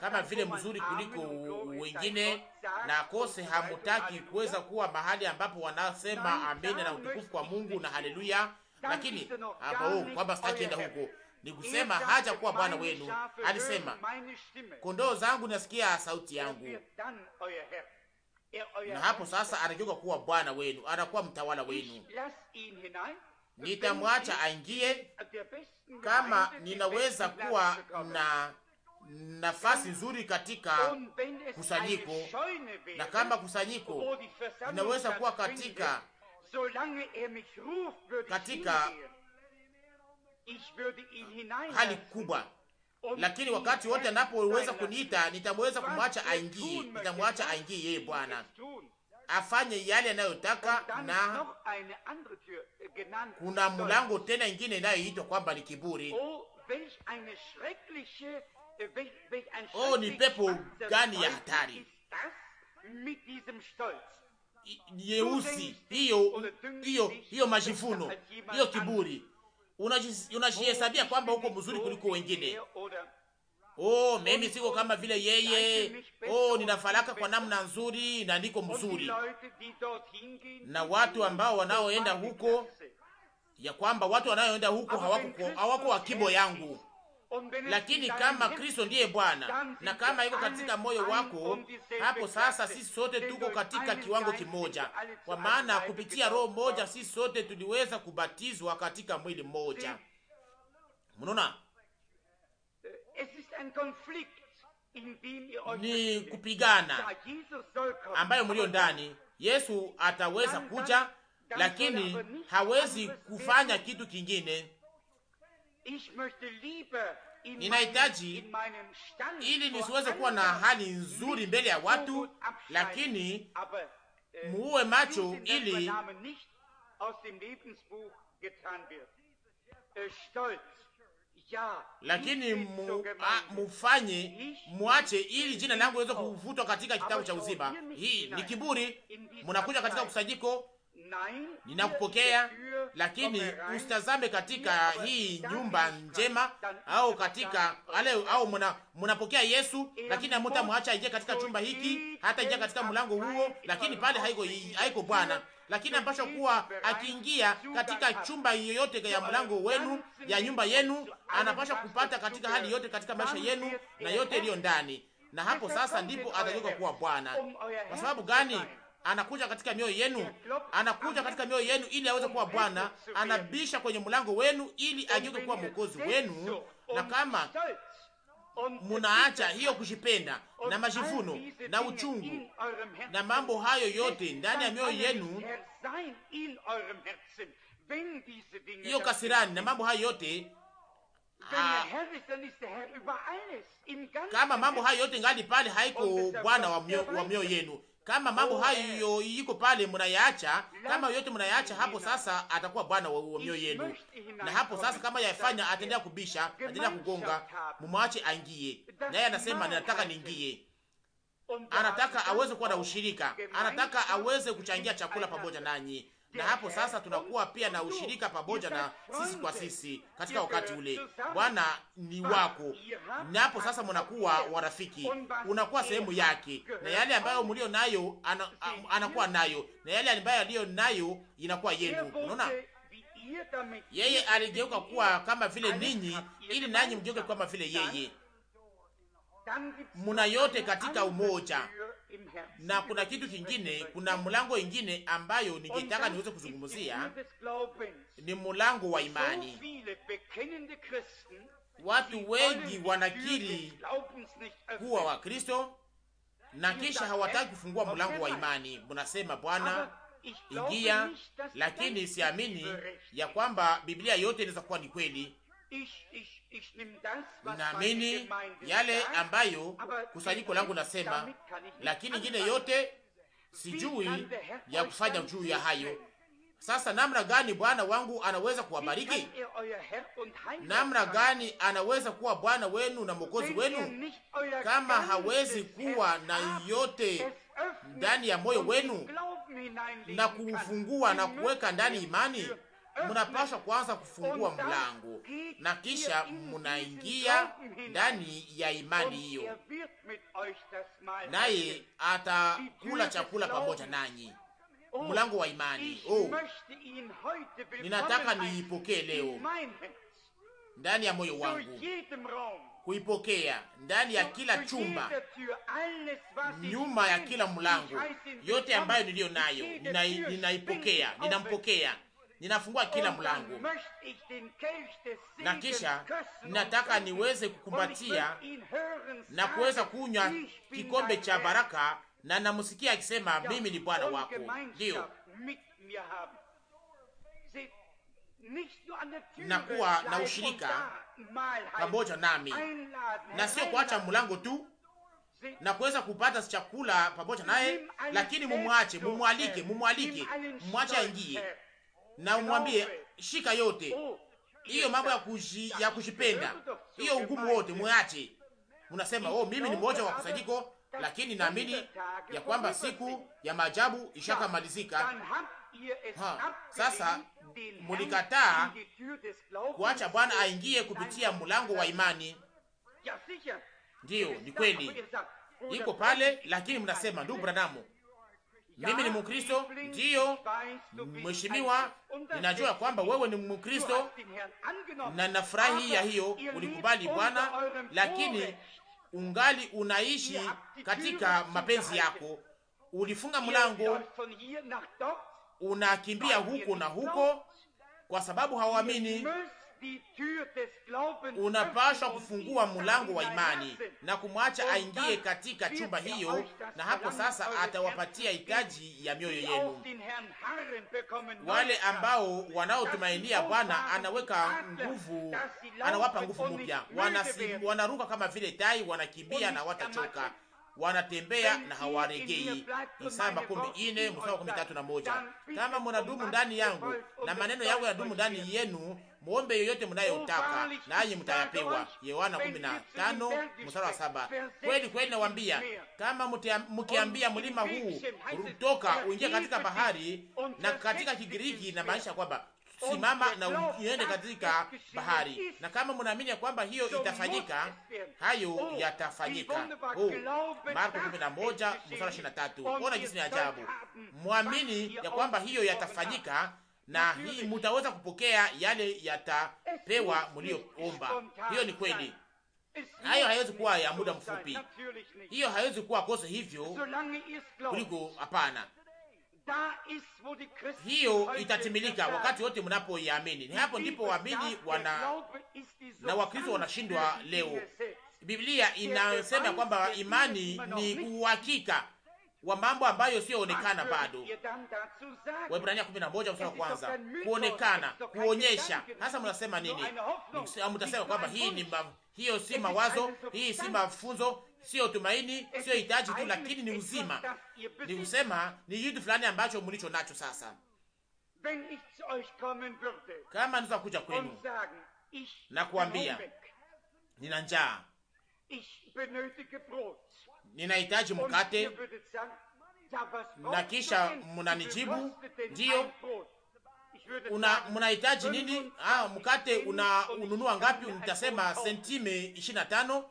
kama vile mzuri kuliko wengine, na kose hamutaki kuweza kuwa mahali ambapo wanasema amina na utukufu kwa Mungu na haleluya. Lakini hapa oh, kwamba sitakienda huko ni kusema haja kuwa Bwana wenu alisema, kondoo zangu nasikia sauti yangu, na hapo sasa anageuka kuwa Bwana wenu, anakuwa mtawala wenu nitamwacha aingie kama ninaweza kuwa na nafasi nzuri katika kusanyiko, na kama kusanyiko ninaweza kuwa katika katika hali kubwa, lakini wakati wote anapoweza kuniita nitamweza kumwacha aingie, nitamwacha aingie yeye Bwana afanye yale anayotaka na äh, kuna mlango tena ingine inayoitwa kwamba ni kiburi. Oh, äh, oh ni pepo gani ya hatari nyeusi hiyo hiyo hiyo, majivuno hiyo, kiburi. Unajihesabia oh, kwamba uko mzuri kuliko wengine Oh, mimi siko kama vile yeye. Oh, ninafalaka kwa namna nzuri na niko mzuri, na watu ambao wanaoenda huko ya kwamba watu wanaoenda huko hawako hawako wa kibo yangu, lakini kama Kristo ndiye Bwana na kama iko katika moyo wako, um hapo sasa sisi sote tuko katika kiwango kimoja, kwa maana kupitia roho moja sisi sote tuliweza kubatizwa katika mwili mmoja. Mnaona? ni kupigana ambayo mlio ndani. Yesu ataweza kuja, lakini hawezi kufanya kitu kingine. Ninahitaji ili nisiweze kuwa na hali nzuri mbele ya watu, lakini äh, muue macho ili lakini mufanye mwache ili jina langu liweze kuvutwa katika kitabu cha uzima. Hii ni kiburi. Mnakuja katika kusajiko ninakupokea, lakini usitazame katika hii nyumba njema au katika ale au muna, munapokea Yesu, lakini hamutamwacha aje katika chumba hiki, hata ingia katika mlango huo, lakini pale haiko haiko Bwana lakini ambacho kuwa akiingia katika chumba yoyote ya mlango wenu ya nyumba yenu, anapasha kupata katika hali yote katika maisha yenu na yote iliyo ndani, na hapo sasa ndipo atageuka kuwa Bwana. Oh, Kwa sababu gani? Anakuja katika mioyo yenu, anakuja katika mioyo yenu ili aweze kuwa Bwana, anabisha kwenye mlango wenu ili ageuke kuwa mwokozi wenu, na kama munaacha hiyo kushipenda na majivuno na uchungu na mambo hayo yote ndani ya mioyo yenu, hiyo kasirani na mambo hayo yote ah, kama mambo hayo yote ngali pale haiko Bwana wa mioyo yenu, kama mambo oh, hayo eh. iko pale mnayaacha, kama yote mnayaacha, hapo sasa atakuwa bwana wa mioyo yenu. Na hapo sasa, kama yafanya, ataendelea kubisha, ataendelea kugonga, mumwache aingie. Naye anasema ninataka niingie, anataka aweze kuwa na ushirika, anataka aweze kuchangia chakula pamoja nanyi na hapo sasa tunakuwa pia na ushirika pamoja na sisi kwa sisi katika wakati ule. Bwana ni ah, wako, na hapo sasa mnakuwa warafiki, unakuwa sehemu yake, na yale ambayo mlio nayo anakuwa nayo, na yale ambayo aliyo nayo inakuwa yenu. Unaona, yeye aligeuka kuwa kama vile ninyi, ili nanyi mgeuke kama vile yeye, muna yote katika umoja na kuna kitu kingine, kuna mlango ingine ambayo ningetaka niweze kuzungumzia, ni mlango wa imani. Watu wengi wanakiri kuwa wa kristo na kisha hawataki kufungua mlango wa imani. Mnasema Bwana ingia, lakini siamini ya kwamba Biblia yote inaweza kuwa ni kweli naamini yale ambayo kusanyiko langu nasema, lakini ingine yote sijui ya kufanya juu ya hayo. Sasa namna gani Bwana wangu anaweza kuwabariki? Namna gani anaweza kuwa Bwana wenu na Mwokozi wenu kama hawezi kuwa na yote ndani ya moyo wenu na kuufungua na kuweka ndani imani munapaswa kwanza kufungua mlango na kisha munaingia ndani ya imani hiyo, er naye atakula chakula pamoja nanyi. Oh, mlango wa imani. Oh, ninataka niipokee leo ndani ya moyo wangu, kuipokea ndani ya kila chumba, nyuma ya kila mlango, yote ambayo niliyo nayo ninaipokea, ninampokea ninafungua kila mlango, na kisha nataka niweze kukumbatia na kuweza kunywa kikombe cha baraka, na namsikia akisema mimi ni Bwana wako. Ndiyo, nakuwa na ushirika pamoja nami, na sio kuacha mlango tu na kuweza kupata chakula pamoja naye, lakini mumwache, mumwalike, mumwalike, mumwache aingie na umwambie shika yote oh. hiyo mambo ya, kuji, ya kujipenda hiyo ugumu wote mwache. Unasema oh, mimi ni mmoja wa kusajiko, lakini naamini ya kwamba siku ya maajabu ishakamalizika. Ha, sasa mulikataa kuacha Bwana aingie kupitia mlango wa imani. Ndiyo, ni kweli iko pale, lakini mnasema ndugu Branamu, mimi ni Mkristo, ndiyo mheshimiwa, ninajua kwamba wewe ni Mkristo na nafurahi ya hiyo, ulikubali Bwana, lakini ungali unaishi katika mapenzi yako. Ulifunga mlango, unakimbia huko na huko kwa sababu hawaamini unapashwa kufungua mlango wa imani na kumwacha aingie katika chumba hiyo, na hapo sasa atawapatia hitaji ya mioyo yenu. Wale ambao wanaotumainia Bwana anaweka nguvu, anawapa nguvu mpya, wanaruka kama vile tai, wanakimbia na watachoka, wanatembea na hawaregei. Isaya makumi ine mstari wa kumi na tatu na moja. Kama munadumu um ndani yangu na um maneno yangu yanadumu ndani yenu mwombe yoyote mnayotaka nanyi mtayapewa. Yohana 15 mstari wa saba. Kweli kweli nawaambia, kama mkiambia mlima huu toka uingie katika bahari, na katika Kigiriki na maisha kwamba simama na uende katika bahari, na kama mnaamini kwamba hiyo itafanyika, hayo yatafanyika. Oh, Marko 11 mstari wa 23. Ona jinsi ni ajabu, mwamini ya kwamba hiyo oh, yatafanyika na hii mutaweza kupokea yale yatapewa mlioomba. Hiyo ni kweli, hayo haiwezi kuwa ya muda mfupi, hiyo haiwezi kuwa kose hivyo kuliko hapana. Hiyo itatimilika wakati wote mnapoiamini. Ni hapo ndipo waamini wana na Wakristo wanashindwa leo. Biblia inasema kwamba imani ni uhakika wa mambo ambayo isiyoonekana bado. Waebrania 11 mstari wa kwanza, kuonekana, kuonyesha. Hasa mnasema nini? Mtasema kwamba hii ni hiyo si mawazo, hii si mafunzo, sio tumaini, sio hitaji tu, lakini ni uzima. Ni kusema ni kitu fulani ambacho mlicho nacho sasa. Kama niza kuja kwenu na kuambia nina njaa ninahitaji mkate, na kisha mnanijibu ndiyo. Una mnahitaji nini? Ah, mkate una ununua ngapi? Nitasema sentime 25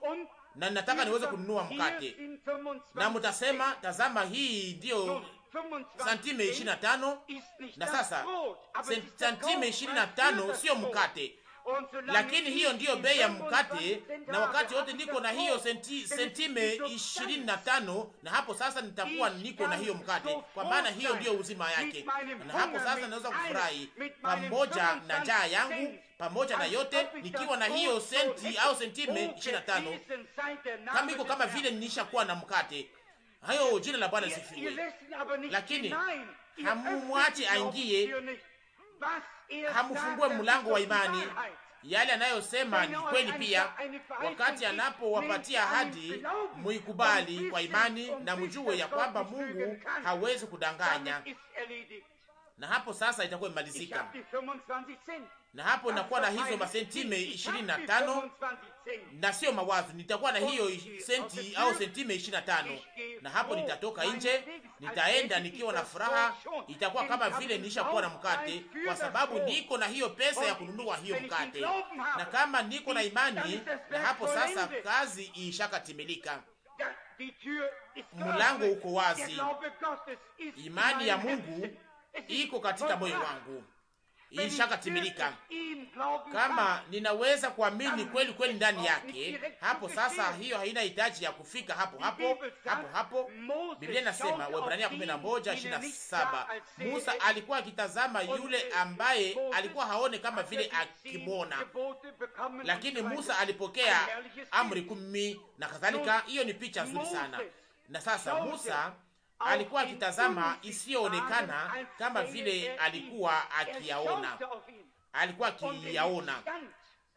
na ninataka niweze kununua mkate, na mtasema tazama, hii ndiyo santime 25. Na sasa sentime 25 sio mkate, lakini hiyo ndiyo bei ya mkate, na wakati wote niko na hiyo senti, sentime ishirini na tano, na hapo sasa nitakuwa niko na hiyo mkate, kwa maana hiyo ndiyo uzima yake, na hapo sasa naweza kufurahi pamoja na njaa yangu pamoja na yote nikiwa na hiyo senti au sentime 25 kama iko kama vile nishakuwa na mkate. Hayo jina la Bwana sifiwe. Lakini hamumwache aingie hamufungue mlango wa imani. Yale anayosema ni kweli pia, wakati anapowapatia ahadi, muikubali kwa imani na mjue ya kwamba Mungu hawezi kudanganya, na hapo sasa itakuwa imalizika na hapo nakuwa na hizo masentime ishirini na tano na sio mawazo, nitakuwa na hiyo senti au sentime ishirini na tano na hapo nitatoka nje, nitaenda nikiwa na furaha, itakuwa kama vile niishakuwa na mkate, kwa sababu niko na hiyo pesa ya kununua hiyo mkate, na kama niko na imani, na hapo sasa kazi iishakatimilika, mlango uko wazi, imani ya Mungu iko katika moyo wangu ilishakatimilika. Kama ninaweza kuamini kweli kweli ndani yake, hapo sasa, hiyo haina hitaji ya kufika hapo hapo hapo hapo. Biblia inasema Waebrania 11:27, Musa alikuwa akitazama yule ambaye alikuwa haone kama vile akimwona, lakini Musa alipokea amri kumi na kadhalika. Hiyo ni picha nzuri sana. Na sasa Musa alikuwa akitazama isiyoonekana kama vile alikuwa akiyaona, alikuwa akiyaona,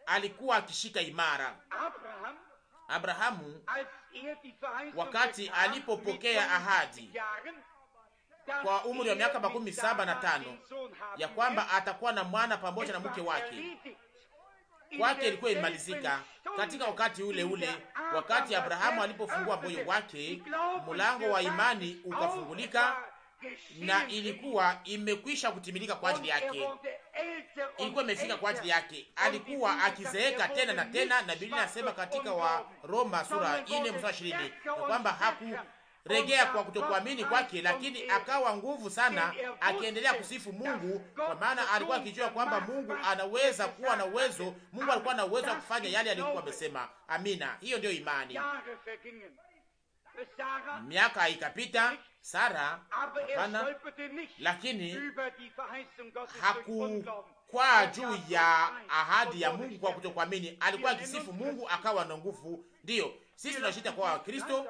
alikuwa akishika imara. Abrahamu wakati alipopokea ahadi kwa umri wa miaka makumi saba na tano ya kwamba atakuwa na mwana pamoja na mke wake kwake ilikuwa imalizika katika wakati ule ule, wakati Abrahamu alipofungua moyo wake, mlango wa imani ukafungulika na ilikuwa imekwisha kutimilika kwa ajili yake, ilikuwa imefika kwa ajili yake. Alikuwa akizeeka tena na tena, na Biblia inasema katika wa Roma sura 4 mstari 20 kwamba haku regea kwa kutokuamini kwake, lakini akawa nguvu sana, akiendelea kusifu Mungu, kwa maana alikuwa akijua kwamba Mungu anaweza kuwa na uwezo. Mungu alikuwa na uwezo wa kufanya yale alikuwa amesema. Amina, hiyo ndiyo imani. Miaka ikapita, Sara hapana, lakini hakukwaa juu ya ahadi ya Mungu kwa kutokuamini. Alikuwa akisifu Mungu, akawa na nguvu, ndiyo sisi tunashita kwa kristo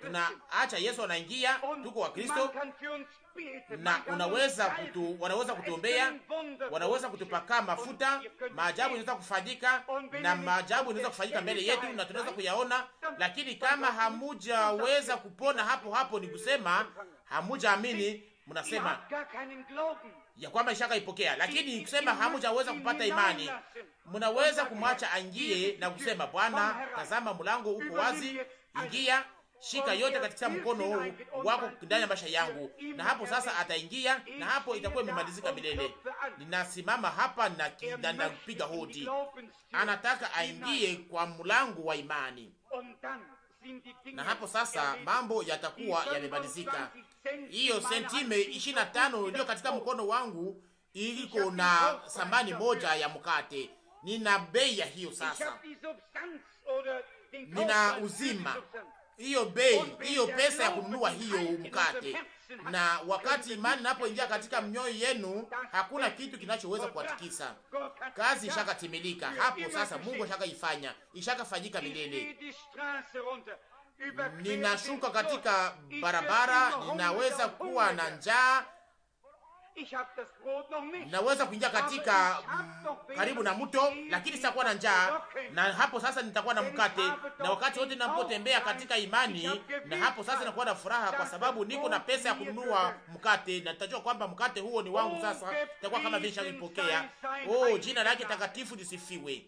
tunaacha Yesu anaingia, tuko wa kristo na unaweza kutu, wanaweza kutuombea, wanaweza kutupaka mafuta. Maajabu yanaweza kufanyika na maajabu inaweza kufanyika mbele yetu na tunaweza kuyaona, lakini kama hamujaweza kupona hapo hapo, ni kusema hamujaamini mnasema ya kwamba ishaka ipokea, lakini kusema hamjaweza kupata imani, mnaweza kumwacha aingie na kusema, Bwana, tazama mlango uko wazi, ingia shika yote katika mkono wako ndani ya maisha yangu, na hapo sasa ataingia, na hapo itakuwa imemalizika milele. Ninasimama hapa na napiga hodi, anataka aingie kwa mlango wa imani na hapo sasa mambo yatakuwa yamebadilika. Hiyo sentime ishirini na tano iliyo katika mkono wangu iliko na sambani moja ya mkate, nina bei ya hiyo sasa, nina uzima hiyo bei, hiyo pesa ya kununua hiyo mkate na wakati imani inapoingia katika mioyo yenu, hakuna kitu kinachoweza kuatikisa Kazi ishakatimilika hapo sasa, Mungu ashakaifanya, ishakafanyika milele. Ninashuka katika barabara, ninaweza kuwa na njaa naweza kuingia katika karibu na mto, lakini sitakuwa na njaa, na hapo sasa nitakuwa na mkate. Na wakati wote ninapotembea katika imani, na hapo sasa nakuwa na furaha, kwa sababu niko na pesa ya kununua mkate, na nitajua kwamba mkate huo ni wangu. Sasa oh, nitakuwa kama vile nishapokea. Oh, jina lake takatifu lisifiwe.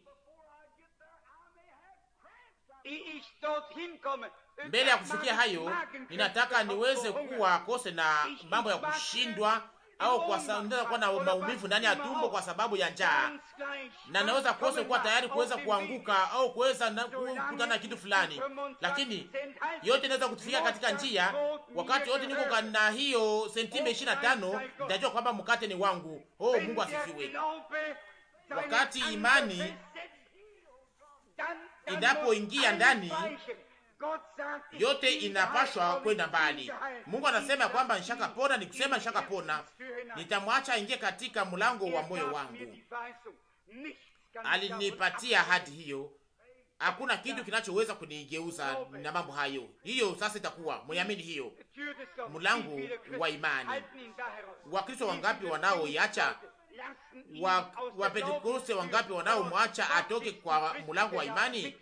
Mbele ya kufikia hayo, ninataka niweze kuwa kose na mambo ya kushindwa au kwa sababu kuwa na maumivu ndani ya tumbo kwa sababu ya njaa, na naweza kosa kuwa tayari kuweza kuanguka au kuweza kukutana na kitu fulani, lakini yote inaweza kutufika katika njia. Wakati yote niko na hiyo sentime 25, nitajua kwamba mkate ni wangu. Oh, Mungu asifiwe. Wakati imani inapoingia ndani yote inapashwa kwenda mbali. Mungu anasema kwamba kusema nikusema pona, nitamwacha ingie katika mlango wa moyo wangu. Alinipatia ahadi hiyo, hakuna kitu kinachoweza kunigeuza na mambo hayo. Hiyo sasa itakuwa mwiamini hiyo, mlango wa imani. Wakristo wangapi wanaoiacha Wapentekoste wa wangapi wanaomwacha atoke kwa mlango wa imani?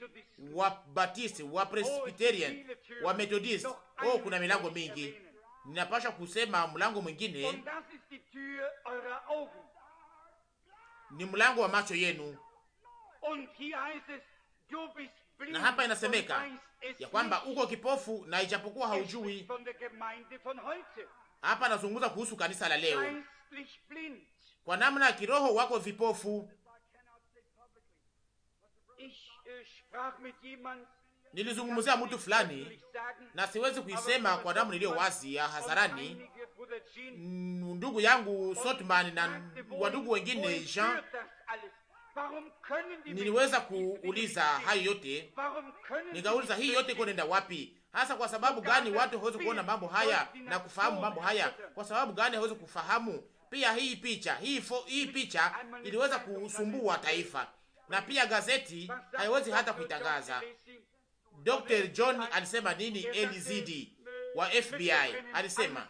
Presbyterian, wa Methodist. Oh, kuna milango mingi. Ninapasha kusema mlango mwingine ni mlango wa macho yenu, na hapa inasemeka ya kwamba uko kipofu na ijapokuwa haujui. Hapa anazungumza kuhusu kanisa la leo kwa namna ya kiroho wako vipofu. Nilizungumzia mtu fulani na siwezi kuisema kwa damu niliyo wazi ya hadharani, ndugu yangu Sotman na wandugu wengine Jean, niliweza kuuliza hayo yote, nikauliza hii yote iko nenda wapi hasa? Kwa sababu gani watu hawezi kuona mambo haya na kufahamu mambo haya? Kwa sababu gani hawezi kufahamu pia hii picha hii, fo, hii picha iliweza kusumbua taifa, na pia gazeti haiwezi hata kuitangaza. Dr. John alisema nini? LZD wa FBI alisema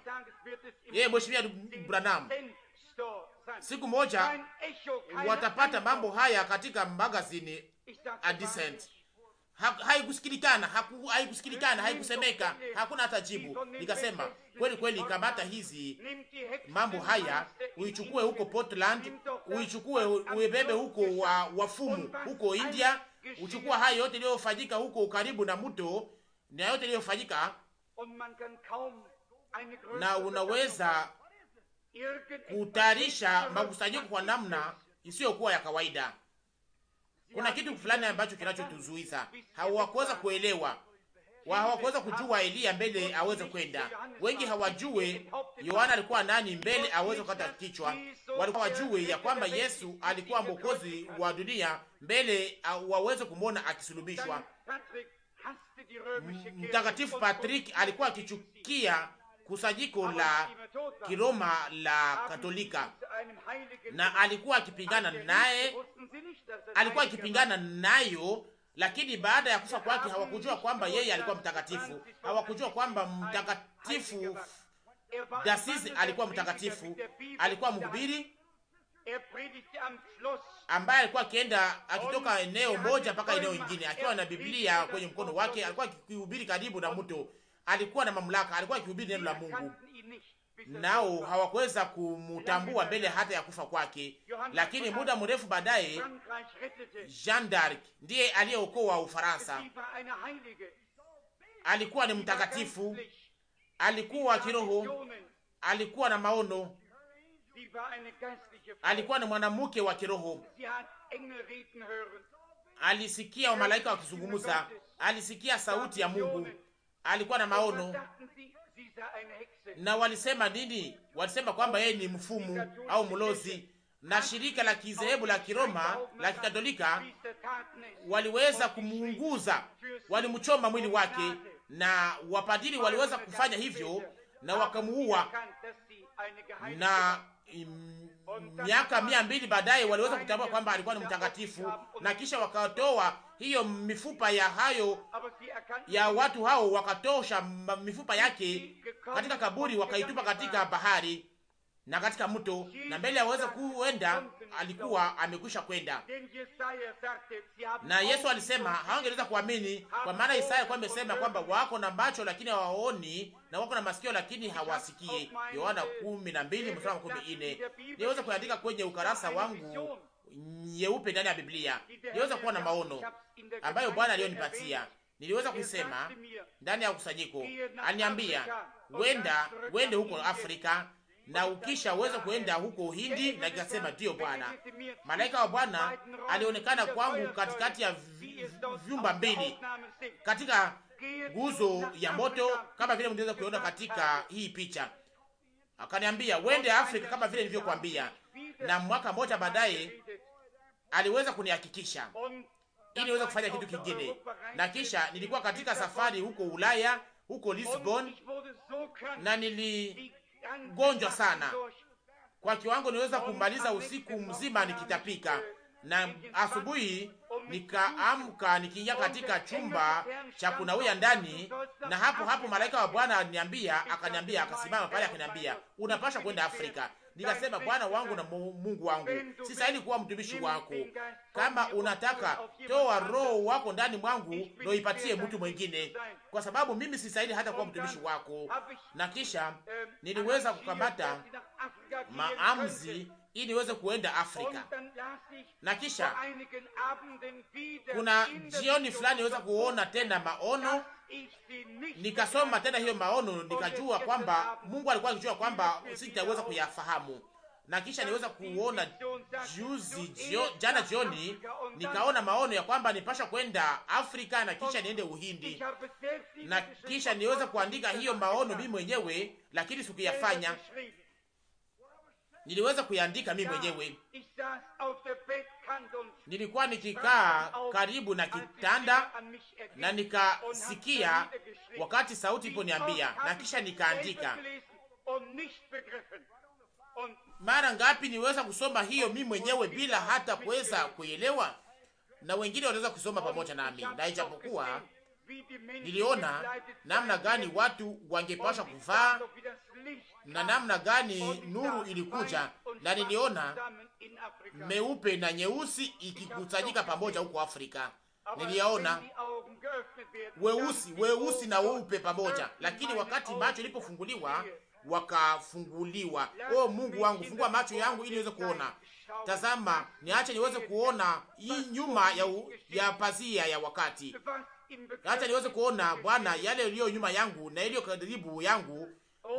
yeye, Mheshimiwa Branham, siku moja watapata mambo haya katika magazini Adisent haikusikilikana, haikusikilikana, haikusemeka, hakuna hata jibu. Nikasema kweli kweli, kamata hizi mambo haya, uichukue huko Portland, uichukue uibebe huko wa, wafumu huko India, uchukua hayo yote iliyofanyika huko karibu na mto na yote iliyofanyika, na unaweza kutayarisha makusanyiko kwa namna isiyokuwa ya kawaida. Kuna kitu fulani ambacho kinachotuzuiza, hawakuweza kuelewa, hawakuweza kujua Eliya mbele aweze kwenda. Wengi hawajue Yohana alikuwa nani mbele aweze kukata kichwa, walikuwa wajue ya kwamba Yesu alikuwa mwokozi wa dunia mbele waweze kumwona akisulubishwa. Mtakatifu Patrick alikuwa akichukia kusanyiko la Kiroma la Katolika, na alikuwa akipingana naye, alikuwa akipingana nayo lakini baada ya kufa kwake hawakujua kwamba yeye alikuwa mtakatifu, hawakujua kwamba mtakatifu er Dasisi alikuwa mtakatifu, alikuwa mhubiri er ambaye alikuwa akienda akitoka eneo er moja mpaka eneo ingine, akiwa na Biblia kwenye mkono wake, alikuwa akihubiri karibu na mto alikuwa na mamlaka, alikuwa akihubiri neno la Mungu, nao hawakuweza kumtambua mbele hata ya kufa kwake. Lakini muda mrefu baadaye, Jean d'Arc ndiye aliyeokoa Ufaransa. Alikuwa ni mtakatifu, alikuwa kiroho, alikuwa na maono, alikuwa ni mwanamke wa kiroho. Alisikia wamalaika wakizungumza, alisikia sauti ya Mungu alikuwa na maono na walisema nini? Walisema kwamba yeye ni mfumu au mlozi, na shirika la kizehebu la Kiroma la Kikatolika waliweza kumuunguza, walimchoma mwili wake, na wapadiri waliweza kufanya hivyo na wakamuua na miaka mia mbili baadaye waliweza kutambua kwamba alikuwa ni mtakatifu, na kisha wakatoa hiyo mifupa ya hayo ya watu hao, wakatosha mifupa yake katika kaburi, wakaitupa katika bahari na katika mto, na mbele aweze kuenda alikuwa amekwisha kwenda. Na Yesu alisema hawangeweza kuamini, kwa maana Isaya kwa amesema kwamba wako na macho lakini hawaoni na wako na masikio lakini hawasikie, Yohana 12:14 Niweza kuandika kwenye ukarasa wangu nyeupe ndani ya Biblia, niweza kuwa na maono ambayo Bwana aliyonipatia niliweza kusema ndani ya kusanyiko, aliniambia wenda, wende huko Afrika na ukisha ukishaweza kuenda huko Uhindi. Na ikasema ndiyo Bwana. Malaika wa Bwana alionekana kwangu katikati ya vyumba mbili katika nguzo ya moto, kama vile mngeweza kuiona katika hii picha. Akaniambia wende Afrika kama vile nilivyokuambia, na mwaka mmoja baadaye aliweza kunihakikisha ili niweze kufanya kitu kingine, na kisha nilikuwa katika safari huko Ulaya, huko Lisbon, na nili mgonjwa sana kwa kiwango niweza kumaliza usiku mzima nikitapika, na asubuhi nikaamka nikiingia katika chumba cha kunawia ndani, na hapo hapo malaika wa Bwana aliniambia, akaniambia, akasimama pale, akaniambia unapasha kwenda Afrika nikasema, Bwana wangu na Mungu wangu, sistahili kuwa mtumishi wako. Kama unataka toa roho wako ndani mwangu na ipatie mtu mwingine, kwa sababu mimi sistahili hata kuwa mtumishi wako. Na kisha um, niliweza kukamata maamuzi ili niweze kuenda Afrika, na kisha kuna jioni fulani niweza kuona tena maono, nikasoma tena hiyo maono, nikajua kwamba Mungu alikuwa akijua kwamba sitaweza kuyafahamu na kisha niweza kuona juzi jio, jana jioni nikaona maono ya kwamba nipasha kwenda Afrika na kisha niende Uhindi, na kisha niweza kuandika hiyo maono mimi mwenyewe, lakini sikuyafanya niliweza kuiandika mimi mwenyewe. Nilikuwa nikikaa karibu na kitanda na nikasikia wakati sauti iponiambia, na kisha nikaandika. Mara ngapi niweza kusoma hiyo mimi mwenyewe bila hata kuweza kuelewa, na wengine wanaweza kusoma pamoja nami, na ijapokuwa niliona namna gani watu wangepasha kuvaa na namna gani nuru ilikuja, na niliona meupe na nyeusi ikikusanyika pamoja huko Afrika. Niliyaona weusi weusi na weupe pamoja, lakini wakati macho ilipofunguliwa wakafunguliwa. Oh Mungu wangu, fungua macho yangu ili niweze kuona. Tazama, niache niweze kuona hii nyuma ya, u, ya pazia ya wakati. Acha niweze kuona Bwana yale yaliyo nyuma yangu na yaliyo karibu yangu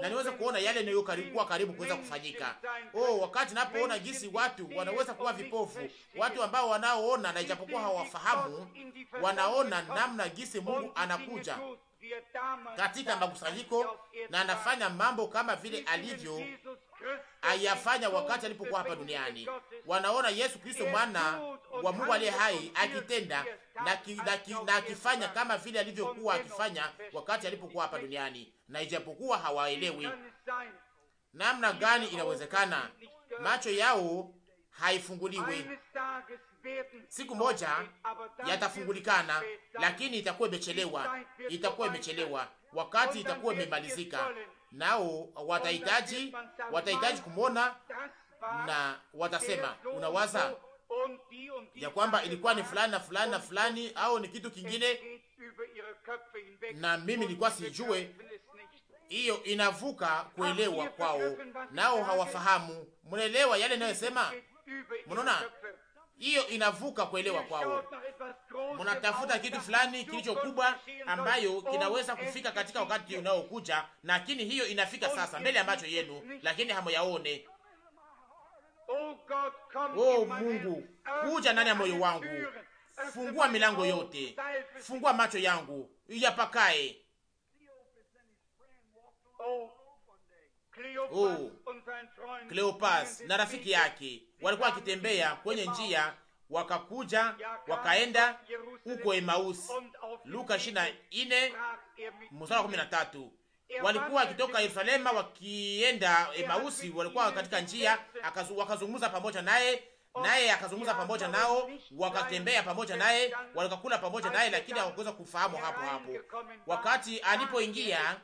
na niweze kuona yale yanayokuwa karibu kuweza kufanyika. Oh, wakati napoona jinsi watu wanaweza kuwa vipofu, watu ambao wanaoona na ijapokuwa hawafahamu, wanaona namna jinsi Mungu anakuja katika makusanyiko na anafanya mambo kama vile alivyo ayafanya wakati alipokuwa hapa duniani. Wanaona Yesu Kristo mwana wa Mungu aliye hai akitenda na, ki, na, ki, na akifanya kama vile alivyokuwa akifanya wakati alipokuwa hapa duniani, na ijapokuwa hawaelewi namna gani inawezekana, macho yao haifunguliwi. Siku moja yatafungulikana, lakini itakuwa imechelewa, itakuwa imechelewa, wakati itakuwa imemalizika nao watahitaji watahitaji kumwona na watasema, unawaza ya kwamba ilikuwa ni fulani na fulani na fulani au ni kitu kingine, na mimi nilikuwa sijue. Hiyo inavuka kuelewa kwao, nao hawafahamu. Mnaelewa yale ninayosema? Mnaona hiyo inavuka kuelewa kwao. Mnatafuta kitu fulani kilichokubwa ambayo kinaweza kufika katika wakati unaokuja, lakini hiyo inafika sasa mbele ya macho yenu, lakini hamoyaone. Oh Mungu, kuja ndani ya moyo wangu, fungua milango yote, fungua macho yangu yapakae oh, Kleopas na rafiki yake walikuwa wakitembea kwenye njia, wakakuja wakaenda huko Emausi. Luka 24 mstari 13. Walikuwa wakitoka Yerusalema wakienda Emausi, walikuwa katika njia, wakazungumza pamoja naye naye akazungumza pamoja nao, wakatembea pamoja naye, walikakula pamoja naye, lakini hawakuweza kufahamu hapo hapo. Wakati alipoingia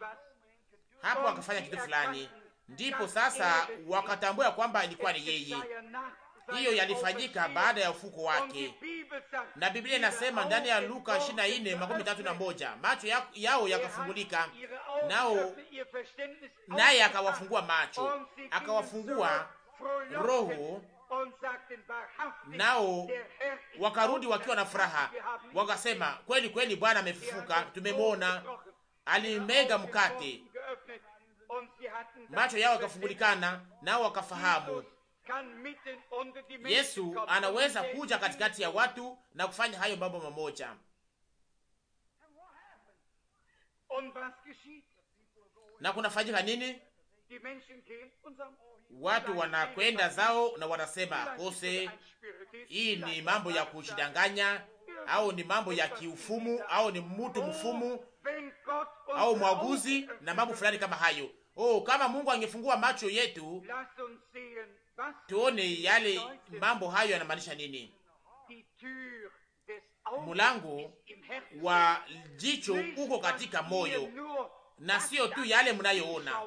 hapo, akafanya kitu fulani, ndipo sasa wakatambua kwamba ilikuwa ni yeye. Hiyo yalifanyika baada ya ufuko wake, na Biblia inasema ndani ya Luka 24 makumi tatu na moja macho yao yakafungulika, nao naye akawafungua macho, akawafungua roho nao wakarudi wakiwa na furaha, wakasema, kweli kweli Bwana amefufuka, tumemwona. Alimega mkate macho yao yakafungulikana, nao wakafahamu Yesu anaweza kuja katikati ya watu na kufanya hayo mambo mamoja. Na kunafanyika nini? Watu wanakwenda zao na wanasema kose, hii ni mambo ya kujidanganya, au ni mambo ya kiufumu, au ni mtu mfumu au mwaguzi na mambo fulani kama hayo. Oh, kama Mungu angefungua macho yetu tuone yale mambo hayo yanamaanisha nini. Mlango wa jicho uko katika moyo na sio tu yale mnayoona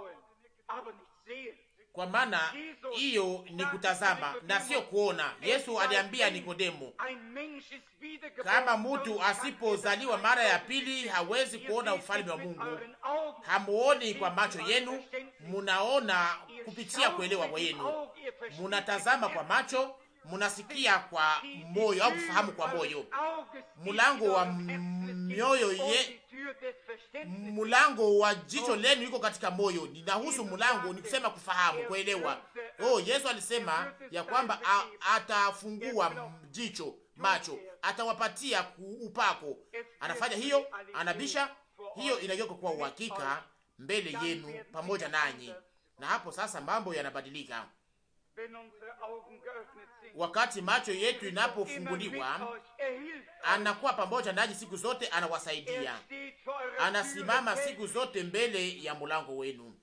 kwa maana hiyo ni kutazama na sio kuona. Yesu aliambia Nikodemu, kama mtu asipozaliwa mara ya pili hawezi kuona ufalme wa Mungu. Hamuoni kwa macho yenu, munaona kupitia kuelewa kwa yenu, munatazama kwa macho, munasikia kwa moyo au kufahamu kwa moyo. Mlango wa mioyo ye mulango wa jicho oh. lenu iko katika moyo. Ninahusu mlango, ni kusema kufahamu, kuelewa. Oh, Yesu alisema ya kwamba atafungua jicho, macho, atawapatia upako. Anafanya hiyo, anabisha hiyo, inageuka kwa uhakika mbele yenu pamoja nanyi, na hapo sasa mambo yanabadilika. Wakati macho yetu inapofunguliwa, anakuwa pamoja nanyi siku zote, anawasaidia, er anasimama siku zote mbele ya mulango wenu,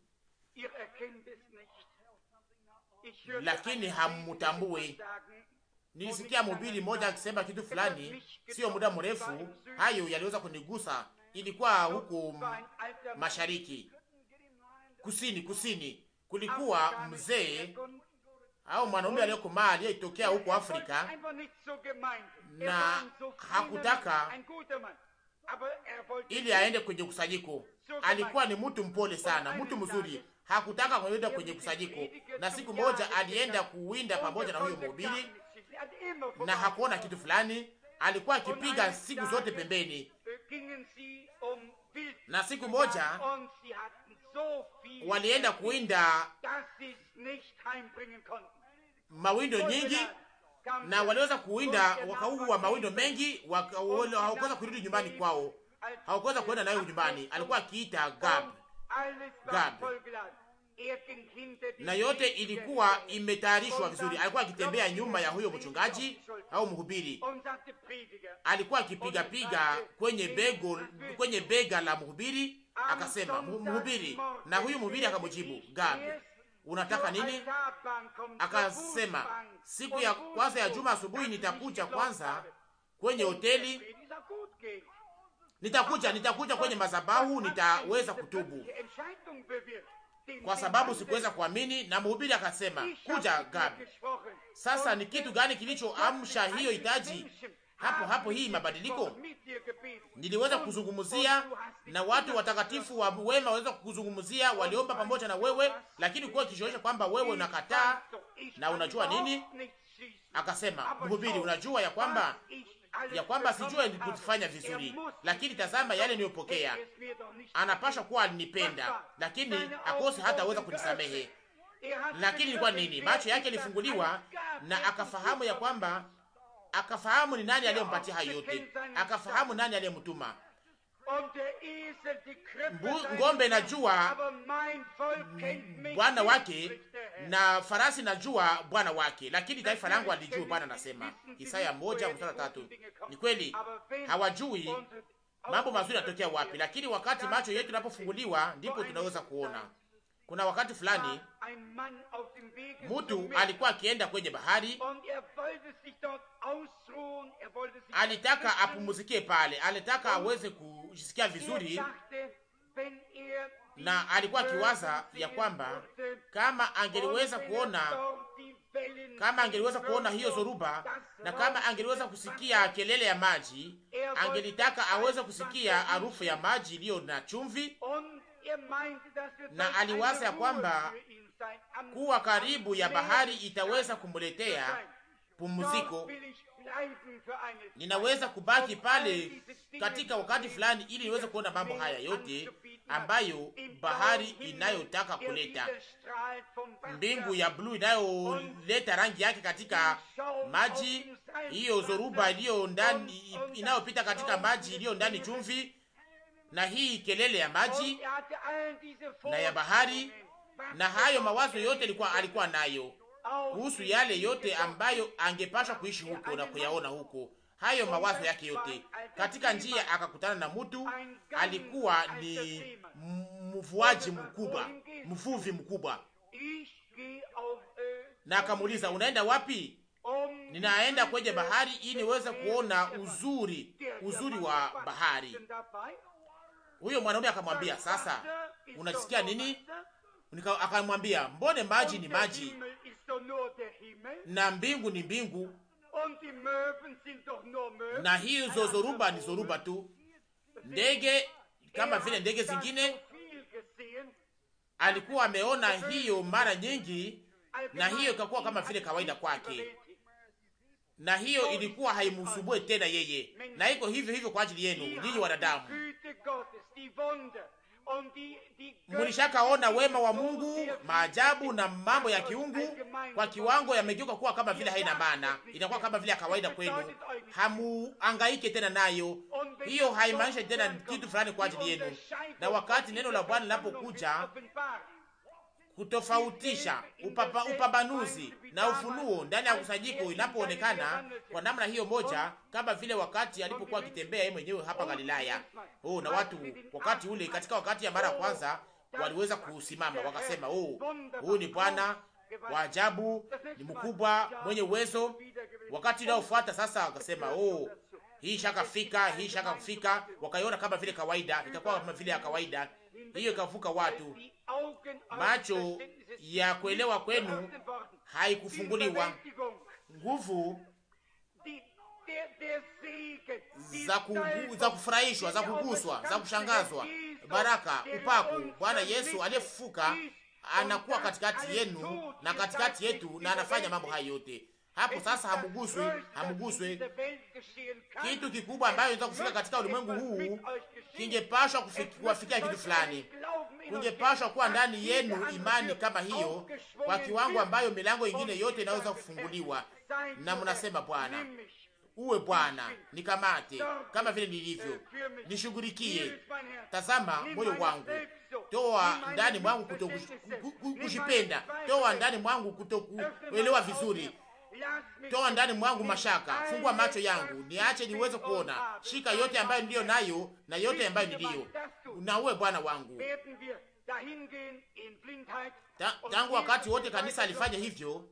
lakini hamutambui. Nilisikia mhubiri mmoja akisema kitu er fulani, sio muda mrefu. Er hayo yaliweza kunigusa. Ilikuwa huku mashariki, kusini, kusini, kulikuwa mzee au mwanaume aliyekomaa aliyetokea huko Afrika na hakutaka ili aende kwenye kusajiko. Alikuwa ni mtu mpole sana, mtu mzuri, hakutaka kuenda kwenye kusajiko. Um, na siku moja alienda kuwinda pamoja na huyo mhubiri, na hakuona kitu fulani. Alikuwa akipiga siku zote pembeni, na siku moja walienda kuwinda mawindo nyingi na waliweza kuwinda wakaua mawindo mengi, hawakuweza kurudi nyumbani kwao, hawakuweza kuenda nayo nyumbani. Alikuwa akiita Gab, Gab, na yote ilikuwa imetayarishwa vizuri. Alikuwa akitembea nyuma ya huyo mchungaji au mhubiri, alikuwa akipigapiga kwenye bego, kwenye bega la mhubiri, akasema mhubiri, na huyu mhubiri akamjibu Gab unataka nini? Akasema siku ya kwanza ya juma asubuhi nitakuja kwanza kwenye hoteli, nitakuja nitakuja kwenye mazabahu, nitaweza kutubu kwa sababu sikuweza kuamini. Na mhubiri akasema kuja Gabi. Sasa ni kitu gani kilichoamsha hiyo hitaji hapo hapo hii mabadiliko. Niliweza kuzungumzia na watu watakatifu wa wema, waweza kuzungumzia, waliomba pamoja na wewe, lakini kwa kishoesha kwamba wewe unakataa na unajua nini, akasema mhubiri, unajua ya kwamba ya kwamba sijua kufanya vizuri, lakini tazama yale niliyopokea. Anapasha kuwa alinipenda, lakini akose hata hataweza kunisamehe. Lakini ilikuwa nini? Macho yake ilifunguliwa na akafahamu ya kwamba akafahamu ni nani aliyempatia hayo yote, akafahamu nani aliyemtuma. Ng'ombe najua bwana wake na farasi najua bwana wake, lakini taifa langu alijui. Bwana anasema Isaya moja mstari tatu. Ni kweli hawajui mambo mazuri yanatokea wapi, lakini wakati macho yetu yanapofunguliwa ndipo tunaweza kuona. Kuna wakati fulani mtu alikuwa akienda kwenye bahari, er er alitaka apumuzikie pale, alitaka aweze kujisikia vizuri, er na alikuwa akiwaza ya kwamba kama angeliweza kuona kama angeliweza kuona hiyo zoruba na kama angeliweza kusikia kelele ya maji, angelitaka aweze kusikia harufu ya maji iliyo na chumvi na aliwaza ya kwamba kuwa karibu ya bahari itaweza kumuletea pumziko. Ninaweza kubaki pale katika wakati fulani, ili niweze kuona mambo haya yote ambayo bahari inayotaka kuleta, mbingu ya bluu inayoleta rangi yake katika maji, hiyo zoruba iliyo ndani inayopita katika maji iliyo ndani chumvi na hii kelele ya maji na ya bahari na hayo mawazo yote alikuwa, alikuwa nayo kuhusu yale yote ambayo angepasha kuishi huko na kuyaona huko, hayo mawazo yake yote. Katika njia akakutana na mtu alikuwa ni mvuaji mkubwa, mvuvi mkubwa, na akamuuliza unaenda wapi? Ninaenda kwenye bahari ili niweze kuona uzuri uzuri wa bahari. Huyo mwanaume akamwambia, sasa unasikia nini? Akamwambia, mbone maji ni maji na mbingu ni mbingu na hiyo zozoruba ni zoruba tu, ndege kama vile ndege zingine. Alikuwa ameona hiyo mara nyingi, na hiyo ikakuwa kama vile kawaida kwake, na hiyo ilikuwa haimusubue tena yeye, na iko hivyo hivyo kwa ajili yenu nyinyi wanadamu mulishakaona wema wa Mungu, maajabu na mambo ya kiungu kwa kiwango yamegeuka kuwa kama vile haina maana, inakuwa kama vile ya kawaida kwenu, hamuangaike tena nayo. Hiyo haimaanishi tena kitu fulani kwa ajili yenu, na wakati neno la Bwana linapokuja kutofautisha upapa, upambanuzi na ufunuo ndani ya kusanyiko inapoonekana kwa namna hiyo moja, kama vile wakati alipokuwa akitembea yeye mwenyewe hapa Galilaya. Oh, na watu wakati ule, katika wakati ya mara ya kwanza waliweza kusimama wakasema, oh, huyu ni Bwana wa ajabu, ni mkubwa, mwenye uwezo. Wakati unaofuata sasa wakasema, oh, hii shaka fika, hii shaka kufika. Wakaiona kama vile kawaida, itakuwa kama vile ya kawaida hiyo, ikavuka watu macho ya kuelewa kwenu haikufunguliwa. Nguvu za, kugu, za kufurahishwa, za kuguswa, za kushangazwa, baraka, upako, Bwana Yesu aliyefufuka anakuwa katikati yenu na katikati yetu, na anafanya mambo hayo yote hapo sasa hamuguswi, hamuguswe. Kitu kikubwa ambayo inaweza kufika katika ulimwengu huu kingepashwa kuwafikia kitu fulani, kungepashwa kuwa ndani yenu imani kama hiyo, kwa kiwango ambayo milango ingine yote inaweza kufunguliwa, na mnasema Bwana uwe Bwana, nikamate kama vile nilivyo, uh, nishughulikie. Tazama moyo wangu, toa ndani mwangu kutokushipenda, toa ndani mwangu kutokuelewa vizuri toa ndani mwangu mashaka, fungua macho yangu, niache niweze kuona, shika yote ambayo niliyo nayo na yote ambayo niliyo na uwe Bwana wangu. Ta, tangu wakati wote kanisa alifanya hivyo.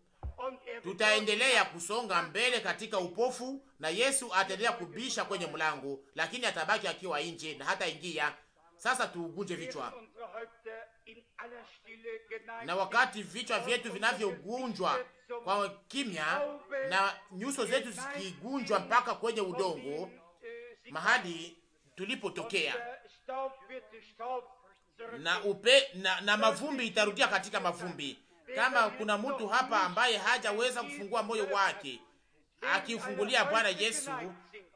Tutaendelea kusonga mbele katika upofu na Yesu ataendelea kubisha kwenye mlango, lakini atabaki akiwa nje na hata ingia. Sasa tuugunje vichwa, na wakati vichwa vyetu vinavyogunjwa kwa kimya na nyuso zetu zikigunjwa mpaka kwenye udongo mahali tulipotokea, na upe na, na mavumbi itarudia katika mavumbi. Kama kuna mtu hapa ambaye hajaweza kufungua moyo wake akiufungulia Bwana Yesu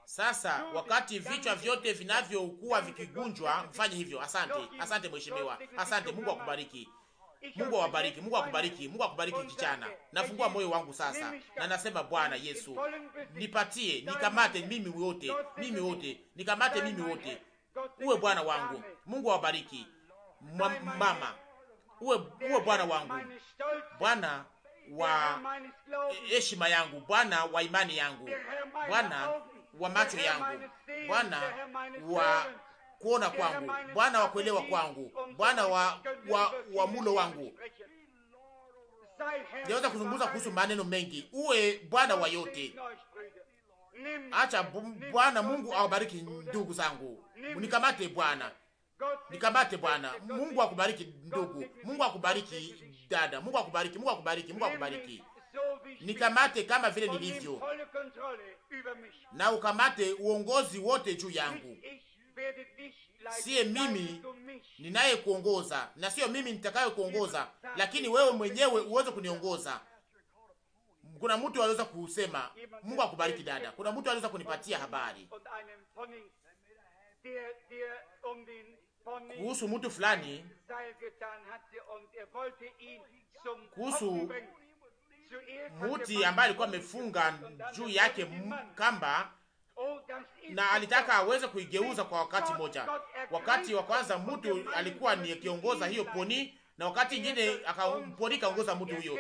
sasa wakati vichwa vyote vinavyokuwa vikigunjwa, mfanye hivyo. Asante, asante mheshimiwa, asante. Mungu akubariki, Mungu awabariki, Mungu akubariki, Mungu akubariki. Kijana, nafungua moyo wangu sasa na nasema, Bwana Yesu, nipatie, nikamate mimi wote, mimi wote, nikamate mimi wote, uwe Bwana wangu. Mungu awabariki mama, uwe uwe Bwana wangu, Bwana wa heshima yangu, Bwana wa imani yangu, Bwana wa macho yangu, Bwana wa kuona kwangu, Bwana wa kuelewa kwangu, Bwana wa, wa, wa mulo wangu. Naweza kuzungumza kuhusu maneno mengi. Uwe Bwana wa yote. Acha Bwana Mungu awabariki ndugu zangu. Unikamate Bwana. Nikamate Bwana. Mungu akubariki ndugu. Mungu akubariki dada. Mungu akubariki. Mungu akubariki. Mungu akubariki nikamate kama vile nilivyo, na ukamate uongozi wote juu yangu. Siye mimi ninaye kuongoza na siyo mimi nitakaye kuongoza, lakini wewe mwenyewe uweze kuniongoza. Kuna mtu aliweza kusema, Mungu akubariki dada. Kuna mtu aliweza kunipatia habari kuhusu mtu fulani, kuhusu muti ambaye alikuwa amefunga juu yake kamba, na alitaka aweze kuigeuza kwa wakati moja. Wakati wa kwanza mtu alikuwa ni kiongoza hiyo poni, na wakati ingine akamponi kaongoza mtu huyo.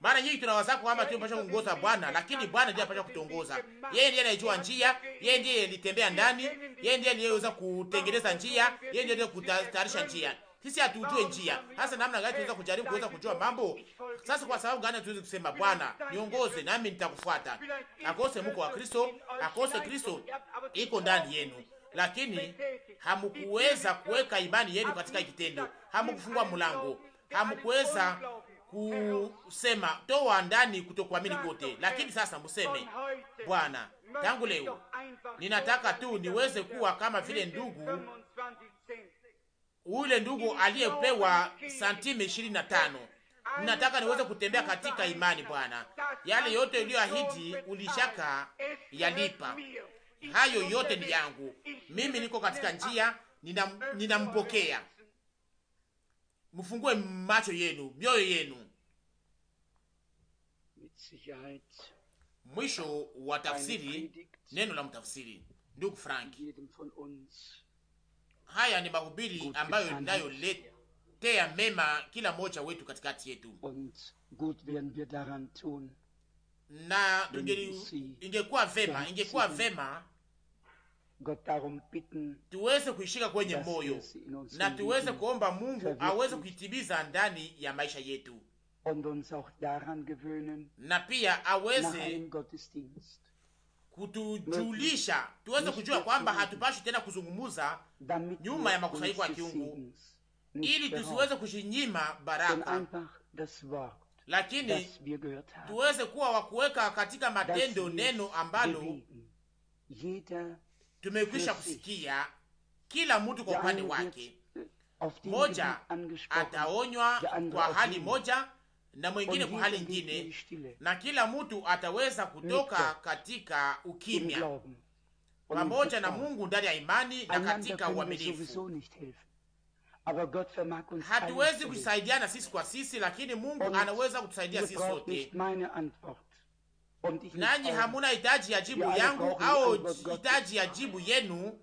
Mara nyingi tunawaza kwamba tunapaswa kuongoza Bwana, lakini Bwana ndiye anapaswa kutuongoza. Yeye ndiye anayejua njia, yeye ndiye alitembea ndani, yeye ndiye aliyeweza kutengeneza njia, yeye ndiye aliyetayarisha njia sisi hatujue njia. Sasa namna gani tunaweza kujaribu kuweza kujua mambo? Sasa kwa sababu gani tuweze kusema Bwana, niongoze nami nitakufuata. Akose mko wa Kristo, akose Kristo iko ndani yenu. Lakini hamkuweza kuweka imani yenu katika kitendo. Hamkufungua mlango. Hamkuweza kusema toa ndani kutokuamini kote. Lakini sasa mseme Bwana, tangu leo ninataka tu niweze kuwa kama vile ndugu ule ndugu aliyepewa santime ishirini na tano. Nataka niweze kutembea katika imani Bwana, yale yote uliyoahidi ulishaka yalipa, hayo yote ni yangu mimi, niko katika njia, ninampokea. Nina mfungue macho yenu, mioyo yenu. Mwisho wa tafsiri, neno la mtafsiri, ndugu Frank Haya ni mahubiri ambayo inayoletea mema kila mmoja wetu katikati yetu, na ingekuwa vema, ingekuwa vema tuweze kuishika kwenye moyo na tuweze kuomba Mungu aweze kuitimiza ndani ya maisha yetu na pia aweze kutujulisha tuweze kujua kwamba hatupashi tena kuzungumuza nyuma ya makusanyiko ya kiungu, ili tusiweze kushinyima baraka, lakini tuweze kuwa wakuweka katika matendo neno ambalo tumekwisha kusikia, kila mtu kwa upande wake, moja ataonywa kwa hali moja na mwingine kwa hali nyingine, na kila mtu ataweza kutoka katika ukimya pamoja na Mungu ndani ya imani na katika uaminifu. Hatuwezi kusaidiana sisi kwa sisi, lakini Mungu anaweza kutusaidia sisi sote. Nanyi hamuna hitaji ya jibu yangu au hitaji ya jibu yenu,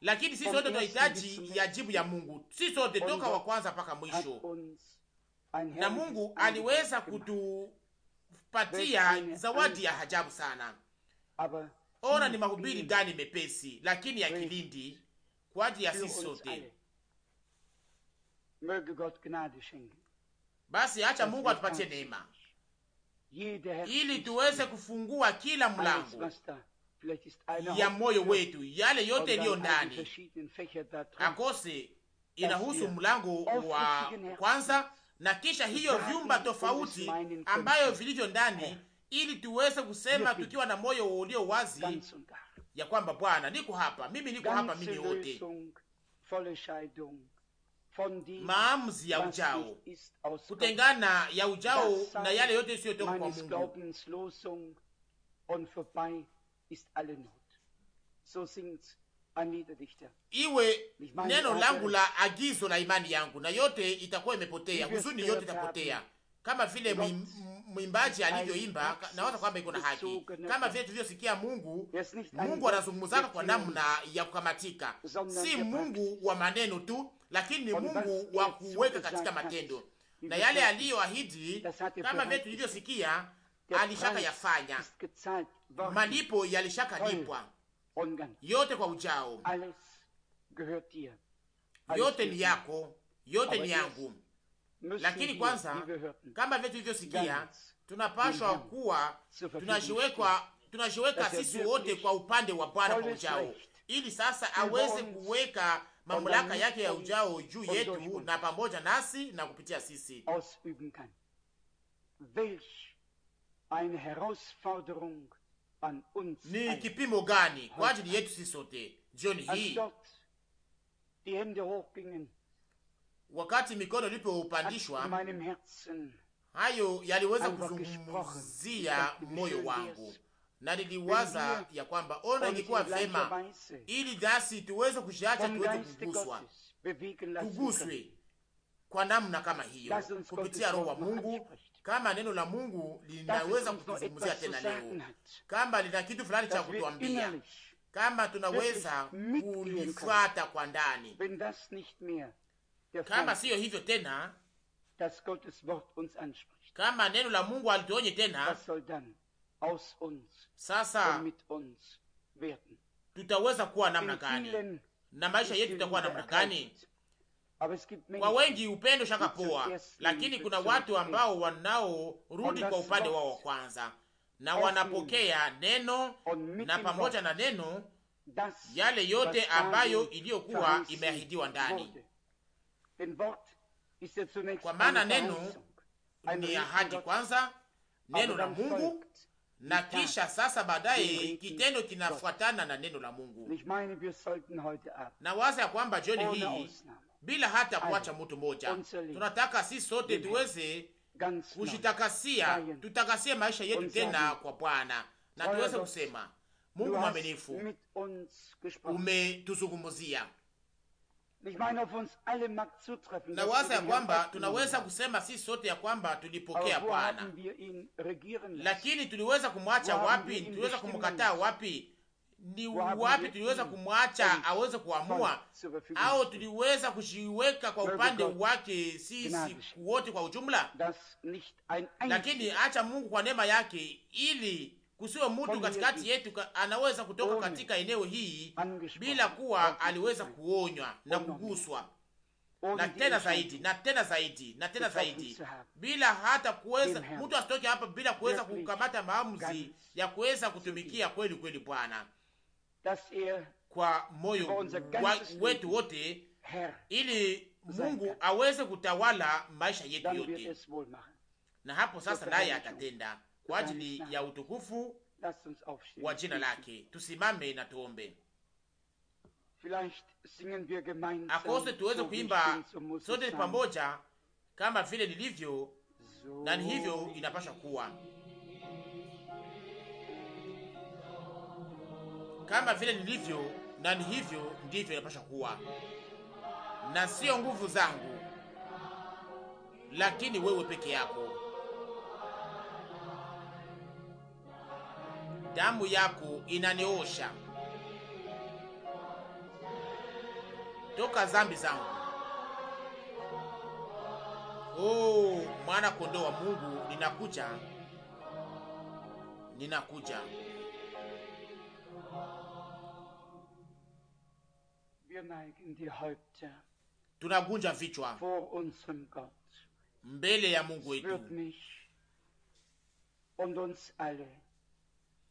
lakini sisi sote tunahitaji ya jibu ya Mungu, sisi sote toka wa kwanza mpaka mwisho na Mungu aliweza kutupatia zawadi ya hajabu sana. Ona mm, ni mahubiri gani mm. mepesi, lakini ya kilindi kwa ajili ya sisi sote. Basi acha Mungu atupatie neema ili tuweze kufungua kila mlango ya moyo wetu, yale yote iliyo ndani akose. Inahusu mlango wa kwanza na kisha hiyo vyumba tofauti ambayo vilivyo ndani, ili tuweze kusema tukiwa na moyo ulio wazi ya kwamba Bwana, niko hapa mimi, niko hapa mimi wote maamuzi ya ujao, kutengana ya ujao na yale yote isiyotoka kwa Mungu iwe neno langu la agizo la imani yangu, na yote itakuwa imepotea, huzuni yote itapotea, kama vile mwimbaji alivyoimba. Nawaza kwamba iko na haki, kama vile tulivyosikia Mungu. Mungu anazungumzaka kwa namna ya kukamatika, si Mungu wa maneno tu, lakini ni Mungu wa kuweka katika matendo na yale aliyoahidi, kama vile tulivyosikia, alishaka yafanya, malipo yalishaka lipwa yote kwa ujao, yote ni yako, yote ni yangu. Lakini kwanza, kama vile tulivyosikia, tunapashwa kuwa tunashiwekwa er sisi wote kwa upande wa Bwana kwa ujao, ili sasa aweze kuweka mamlaka yake ya ujao juu yetu na pamoja nasi na kupitia sisi. Welch eine Herausforderung ni kipimo gani kwa ajili yetu sisi sote jioni hii wakati mikono ilipopandishwa, hayo yaliweza kuzungumzia moyo wangu, na niliwaza ya kwamba ona, ilikuwa vema ili dasi tuweze kushiacha tuweze kuguswa, tuguswe kwa namna kama hiyo kupitia Roho wa Mungu kama neno la Mungu linaweza kutuzungumzia tena leo, kama lina kitu fulani cha kutuambia, kama tunaweza kulifuata kwa ndani. Kama siyo hivyo tena, kama neno la Mungu alituonye tena, sasa tutaweza kuwa namna gani na maisha yetu itakuwa namna gani? Kwa wengi upendo shakapoa, lakini kuna watu ambao wanaorudi kwa upande wao wa kwanza na wanapokea neno na pamoja na neno yale yote ambayo iliyokuwa imeahidiwa ndani, kwa maana neno ni ahadi kwanza, neno la Mungu na kisha sasa baadaye kitendo kinafuatana na neno la Mungu. Na waza ya kwamba jioni hii bila hata kuacha mtu mmoja. Tunataka sisi sote tuweze kushitakasia, tutakasie maisha yetu tena kwa Bwana na tuweze kusema Mungu mwaminifu, umetuzungumzia na waza ya kwamba tunaweza kusema sisi sote ya kwamba tulipokea Bwana, lakini tuliweza kumwacha wapi? Tuliweza kumkataa wapi? ni wapi tuliweza kumwacha aweze kuamua, au tuliweza kushiweka kwa upande wake sisi wote kwa ujumla? Lakini acha Mungu kwa neema yake, ili kusiwe mtu katikati yetu anaweza kutoka katika eneo hii bila kuwa aliweza kuonywa na kuguswa, na tena zaidi na tena zaidi na tena zaidi, bila hata kuweza mtu asitoke hapa bila kuweza kukamata maamuzi ya kuweza kutumikia kweli kweli Bwana. Er kwa moyo wetu wote, ili Mungu aweze kutawala maisha yetu yote, na hapo sasa naye atatenda kwa ajili ya utukufu wa jina lake. Tusimame na tuombe akose tuweze kuimba sote pamoja kama vile lilivyo, na ni hivyo inapaswa kuwa. kama vile nilivyo na ni hivyo ndivyo inapasha kuwa, na sio nguvu zangu, lakini wewe peke yako, damu yako inaniosha toka zambi zangu. Oh, mwana kondoo wa Mungu, ninakuja, ninakuja. tunagunja vichwa mbele ya Mungu wetu.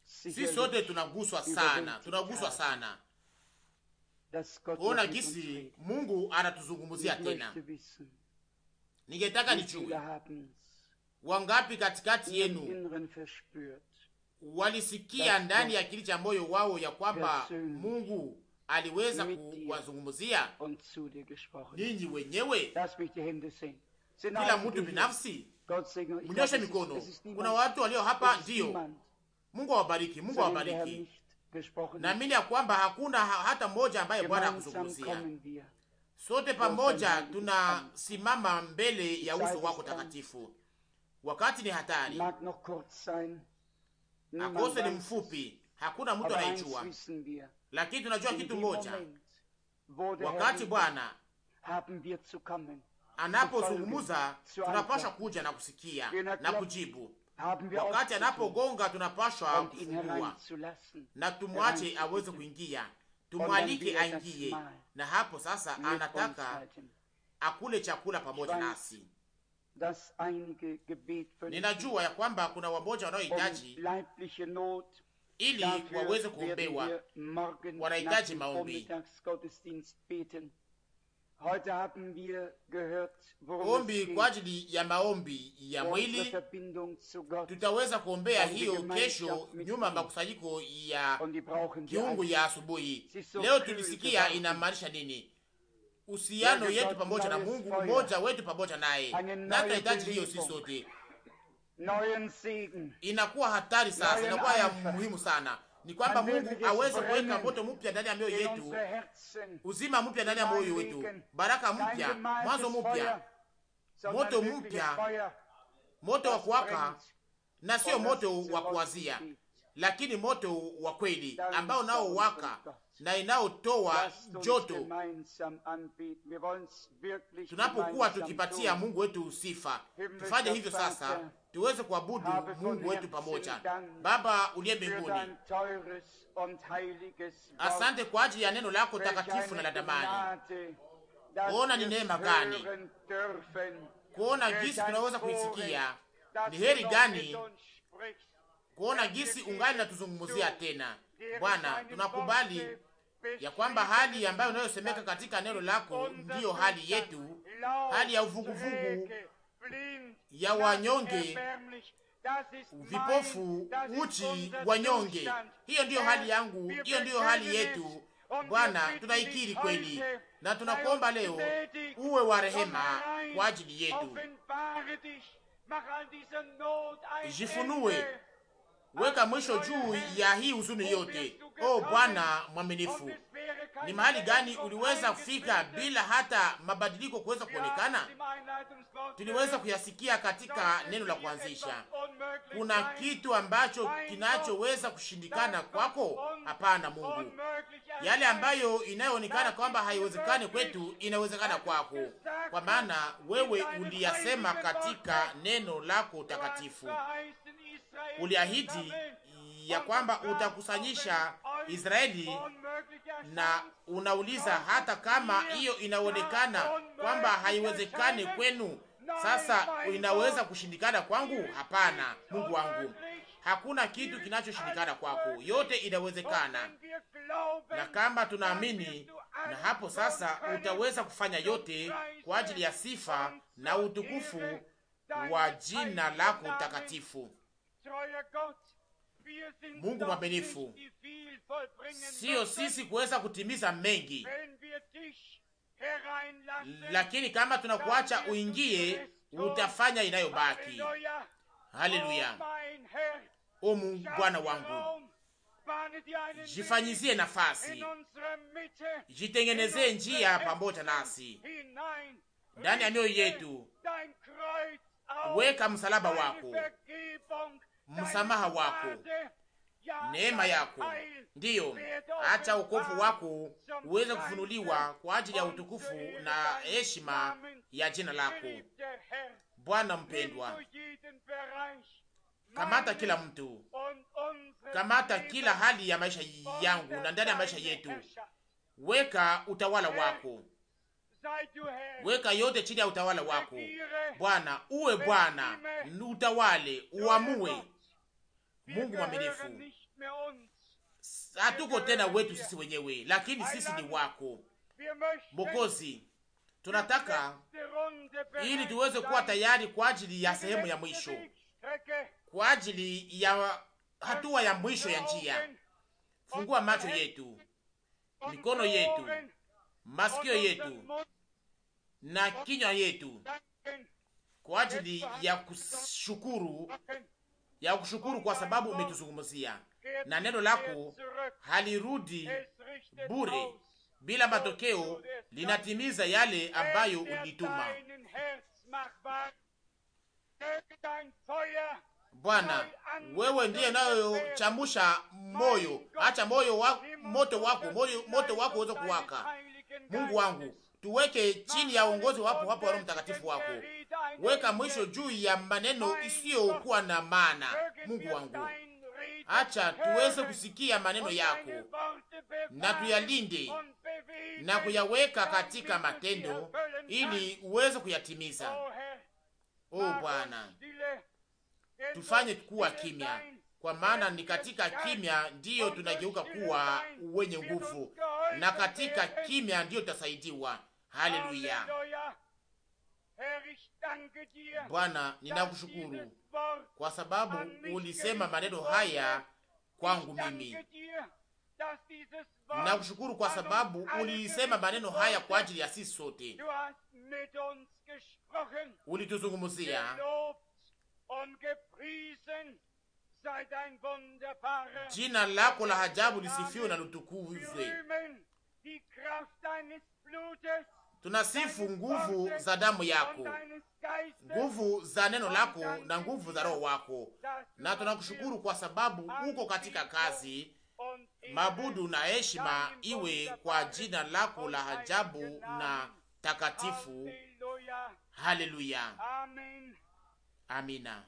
Si sote tunaguswa sana, tunaguswa sana kuona gisi Mungu anatuzungumzia tena. Ningetaka nijue wangapi katikati yenu walisikia ndani ya kili cha moyo wao ya kwamba Mungu aliweza kuwazungumzia ninyi wenyewe, kila mtu binafsi. Mnyoshe mikono. Kuna watu walio hapa, ndiyo. Mungu awabariki, Mungu awabariki. Naamini ya kwamba hakuna hata mmoja ambaye Bwana hakuzungumzia. Sote pamoja tunasimama mbele ya uso wako takatifu. Wakati ni hatari, akose ni mfupi, hakuna mtu anayejua lakini tunajua kitu moja, wakati Bwana anapozungumuza tunapashwa kuja na kusikia na kujibu. Wakati anapogonga tunapashwa kufungua na tumwache aweze kuingia, tumwalike er aingie. Na hapo sasa anataka akule chakula pamoja nasi. Ninajua ya kwamba kuna wamoja wanaohitaji um ili waweze kuombewa, wanahitaji maombi. Ombi kwa ajili ya maombi ya mwili, tutaweza kuombea hiyo kesho, nyuma ya makusanyiko ya kiungu ya asubuhi. Leo tulisikia inamaanisha nini uhusiano yetu pamoja na Mungu, umoja wetu pamoja naye, na tunahitaji hiyo sisi sote inakuwa hatari sasa, inakuwa ya muhimu sana ni kwamba Mungu aweze kuweka moto mpya ndani ya mioyo yetu, uzima mpya ndani ya moyo wetu, baraka mpya, mwanzo mpya, moto mpya, moto wa kuwaka na sio moto wa kuwazia, lakini moto wa kweli ambao nao waka na inayotoa joto tunapokuwa tukipatia Mungu wetu sifa. Tufanye hivyo sasa, tuweze kuabudu Mungu wetu pamoja. Baba uliye mbinguni, asante kwa ajili ya neno lako takatifu na la damani. Kuona ni neema gani kuona jinsi tunaweza kuisikia, ni heri gani kuona jinsi ungali natuzungumuzia tena. Bwana, tunakubali ya kwamba hali ambayo unayosemeka katika neno lako ndiyo hali yetu, hali ya uvuguvugu ya wanyonge, vipofu, uchi, wanyonge. Hiyo ndiyo hali yangu, hiyo ndiyo hali yetu. Bwana, tunaikiri kweli na tunakuomba leo uwe wa rehema kwa ajili yetu, jifunue weka mwisho juu ya hii huzuni yote. o Bwana mwaminifu, ni mahali gani uliweza kufika bila hata mabadiliko kuweza kuonekana? Tuliweza kuyasikia katika neno la kuanzisha. Kuna kitu ambacho kinachoweza kushindikana kwako? Hapana, Mungu. Yale ambayo inayoonekana kwamba haiwezekani kwetu inawezekana kwako, kwa maana wewe uliyasema katika neno lako takatifu uliahidi ya kwamba utakusanyisha Israeli, na unauliza hata kama hiyo inaonekana kwamba haiwezekani kwenu, sasa inaweza kushindikana kwangu? Hapana, Mungu wangu, hakuna kitu kinachoshindikana kwako, yote inawezekana. Na kama tunaamini, na hapo sasa utaweza kufanya yote kwa ajili ya sifa na utukufu wa jina lako takatifu. Mungu mwaminifu, siyo sisi kuweza kutimiza mengi, lakini kama tunakuacha uingie, utafanya inayobaki. Haleluya! O Mungu, Bwana wangu, jifanyizie nafasi, jitengenezee njia pamoja nasi ndani ya mioyo yetu. Weka msalaba wako msamaha wako, neema yako, ndiyo hata ukovu wako uweze kufunuliwa kwa ajili ya utukufu na heshima ya jina lako. Bwana mpendwa, kamata kila mtu, kamata kila hali ya maisha yangu na ndani ya maisha yetu, weka utawala wako, weka yote chini ya utawala wako. Bwana uwe Bwana, utawale, uamue Mungu mwaminifu, hatuko tena wetu sisi wenyewe, lakini sisi ni wako Mokozi. Tunataka ili tuweze kuwa tayari kwa ajili ya sehemu ya mwisho, kwa ajili ya hatua ya mwisho ya njia. Fungua macho yetu, mikono yetu, masikio yetu na kinywa yetu kwa ajili ya kushukuru ya kushukuru kwa sababu umetuzungumzia, na neno lako halirudi bure bila matokeo, linatimiza yale ambayo ulituma. Bwana, wewe ndiye unayochamusha moyo. Acha moyo wa moto wako moyo, moto wako uweze kuwaka. Mungu wangu, tuweke chini ya uongozi wapo wapo wa Roho Mtakatifu wako. Weka mwisho juu ya maneno isiyokuwa na maana, Mungu wangu. Acha tuweze kusikia maneno yako na tuyalinde na kuyaweka katika matendo ili uweze kuyatimiza. Oh, oh Bwana, tufanye kuwa kimya, kwa maana ni katika kimya ndiyo tunageuka kuwa wenye nguvu, na katika kimya ndiyo tutasaidiwa. Haleluya! Bwana, ninakushukuru kwa sababu ulisema maneno haya kwangu mimi. Ninakushukuru kwa sababu ulisema maneno haya kwa ajili ya sisi sote, ulituzungumzia. Jina lako la hajabu lisifiwe na lutukuzwe tunasifu nguvu za damu yako, nguvu za neno lako na nguvu za roho wako, na tunakushukuru kwa sababu uko katika kazi. Mabudu na heshima iwe kwa jina lako la ajabu na takatifu. Haleluya, amina.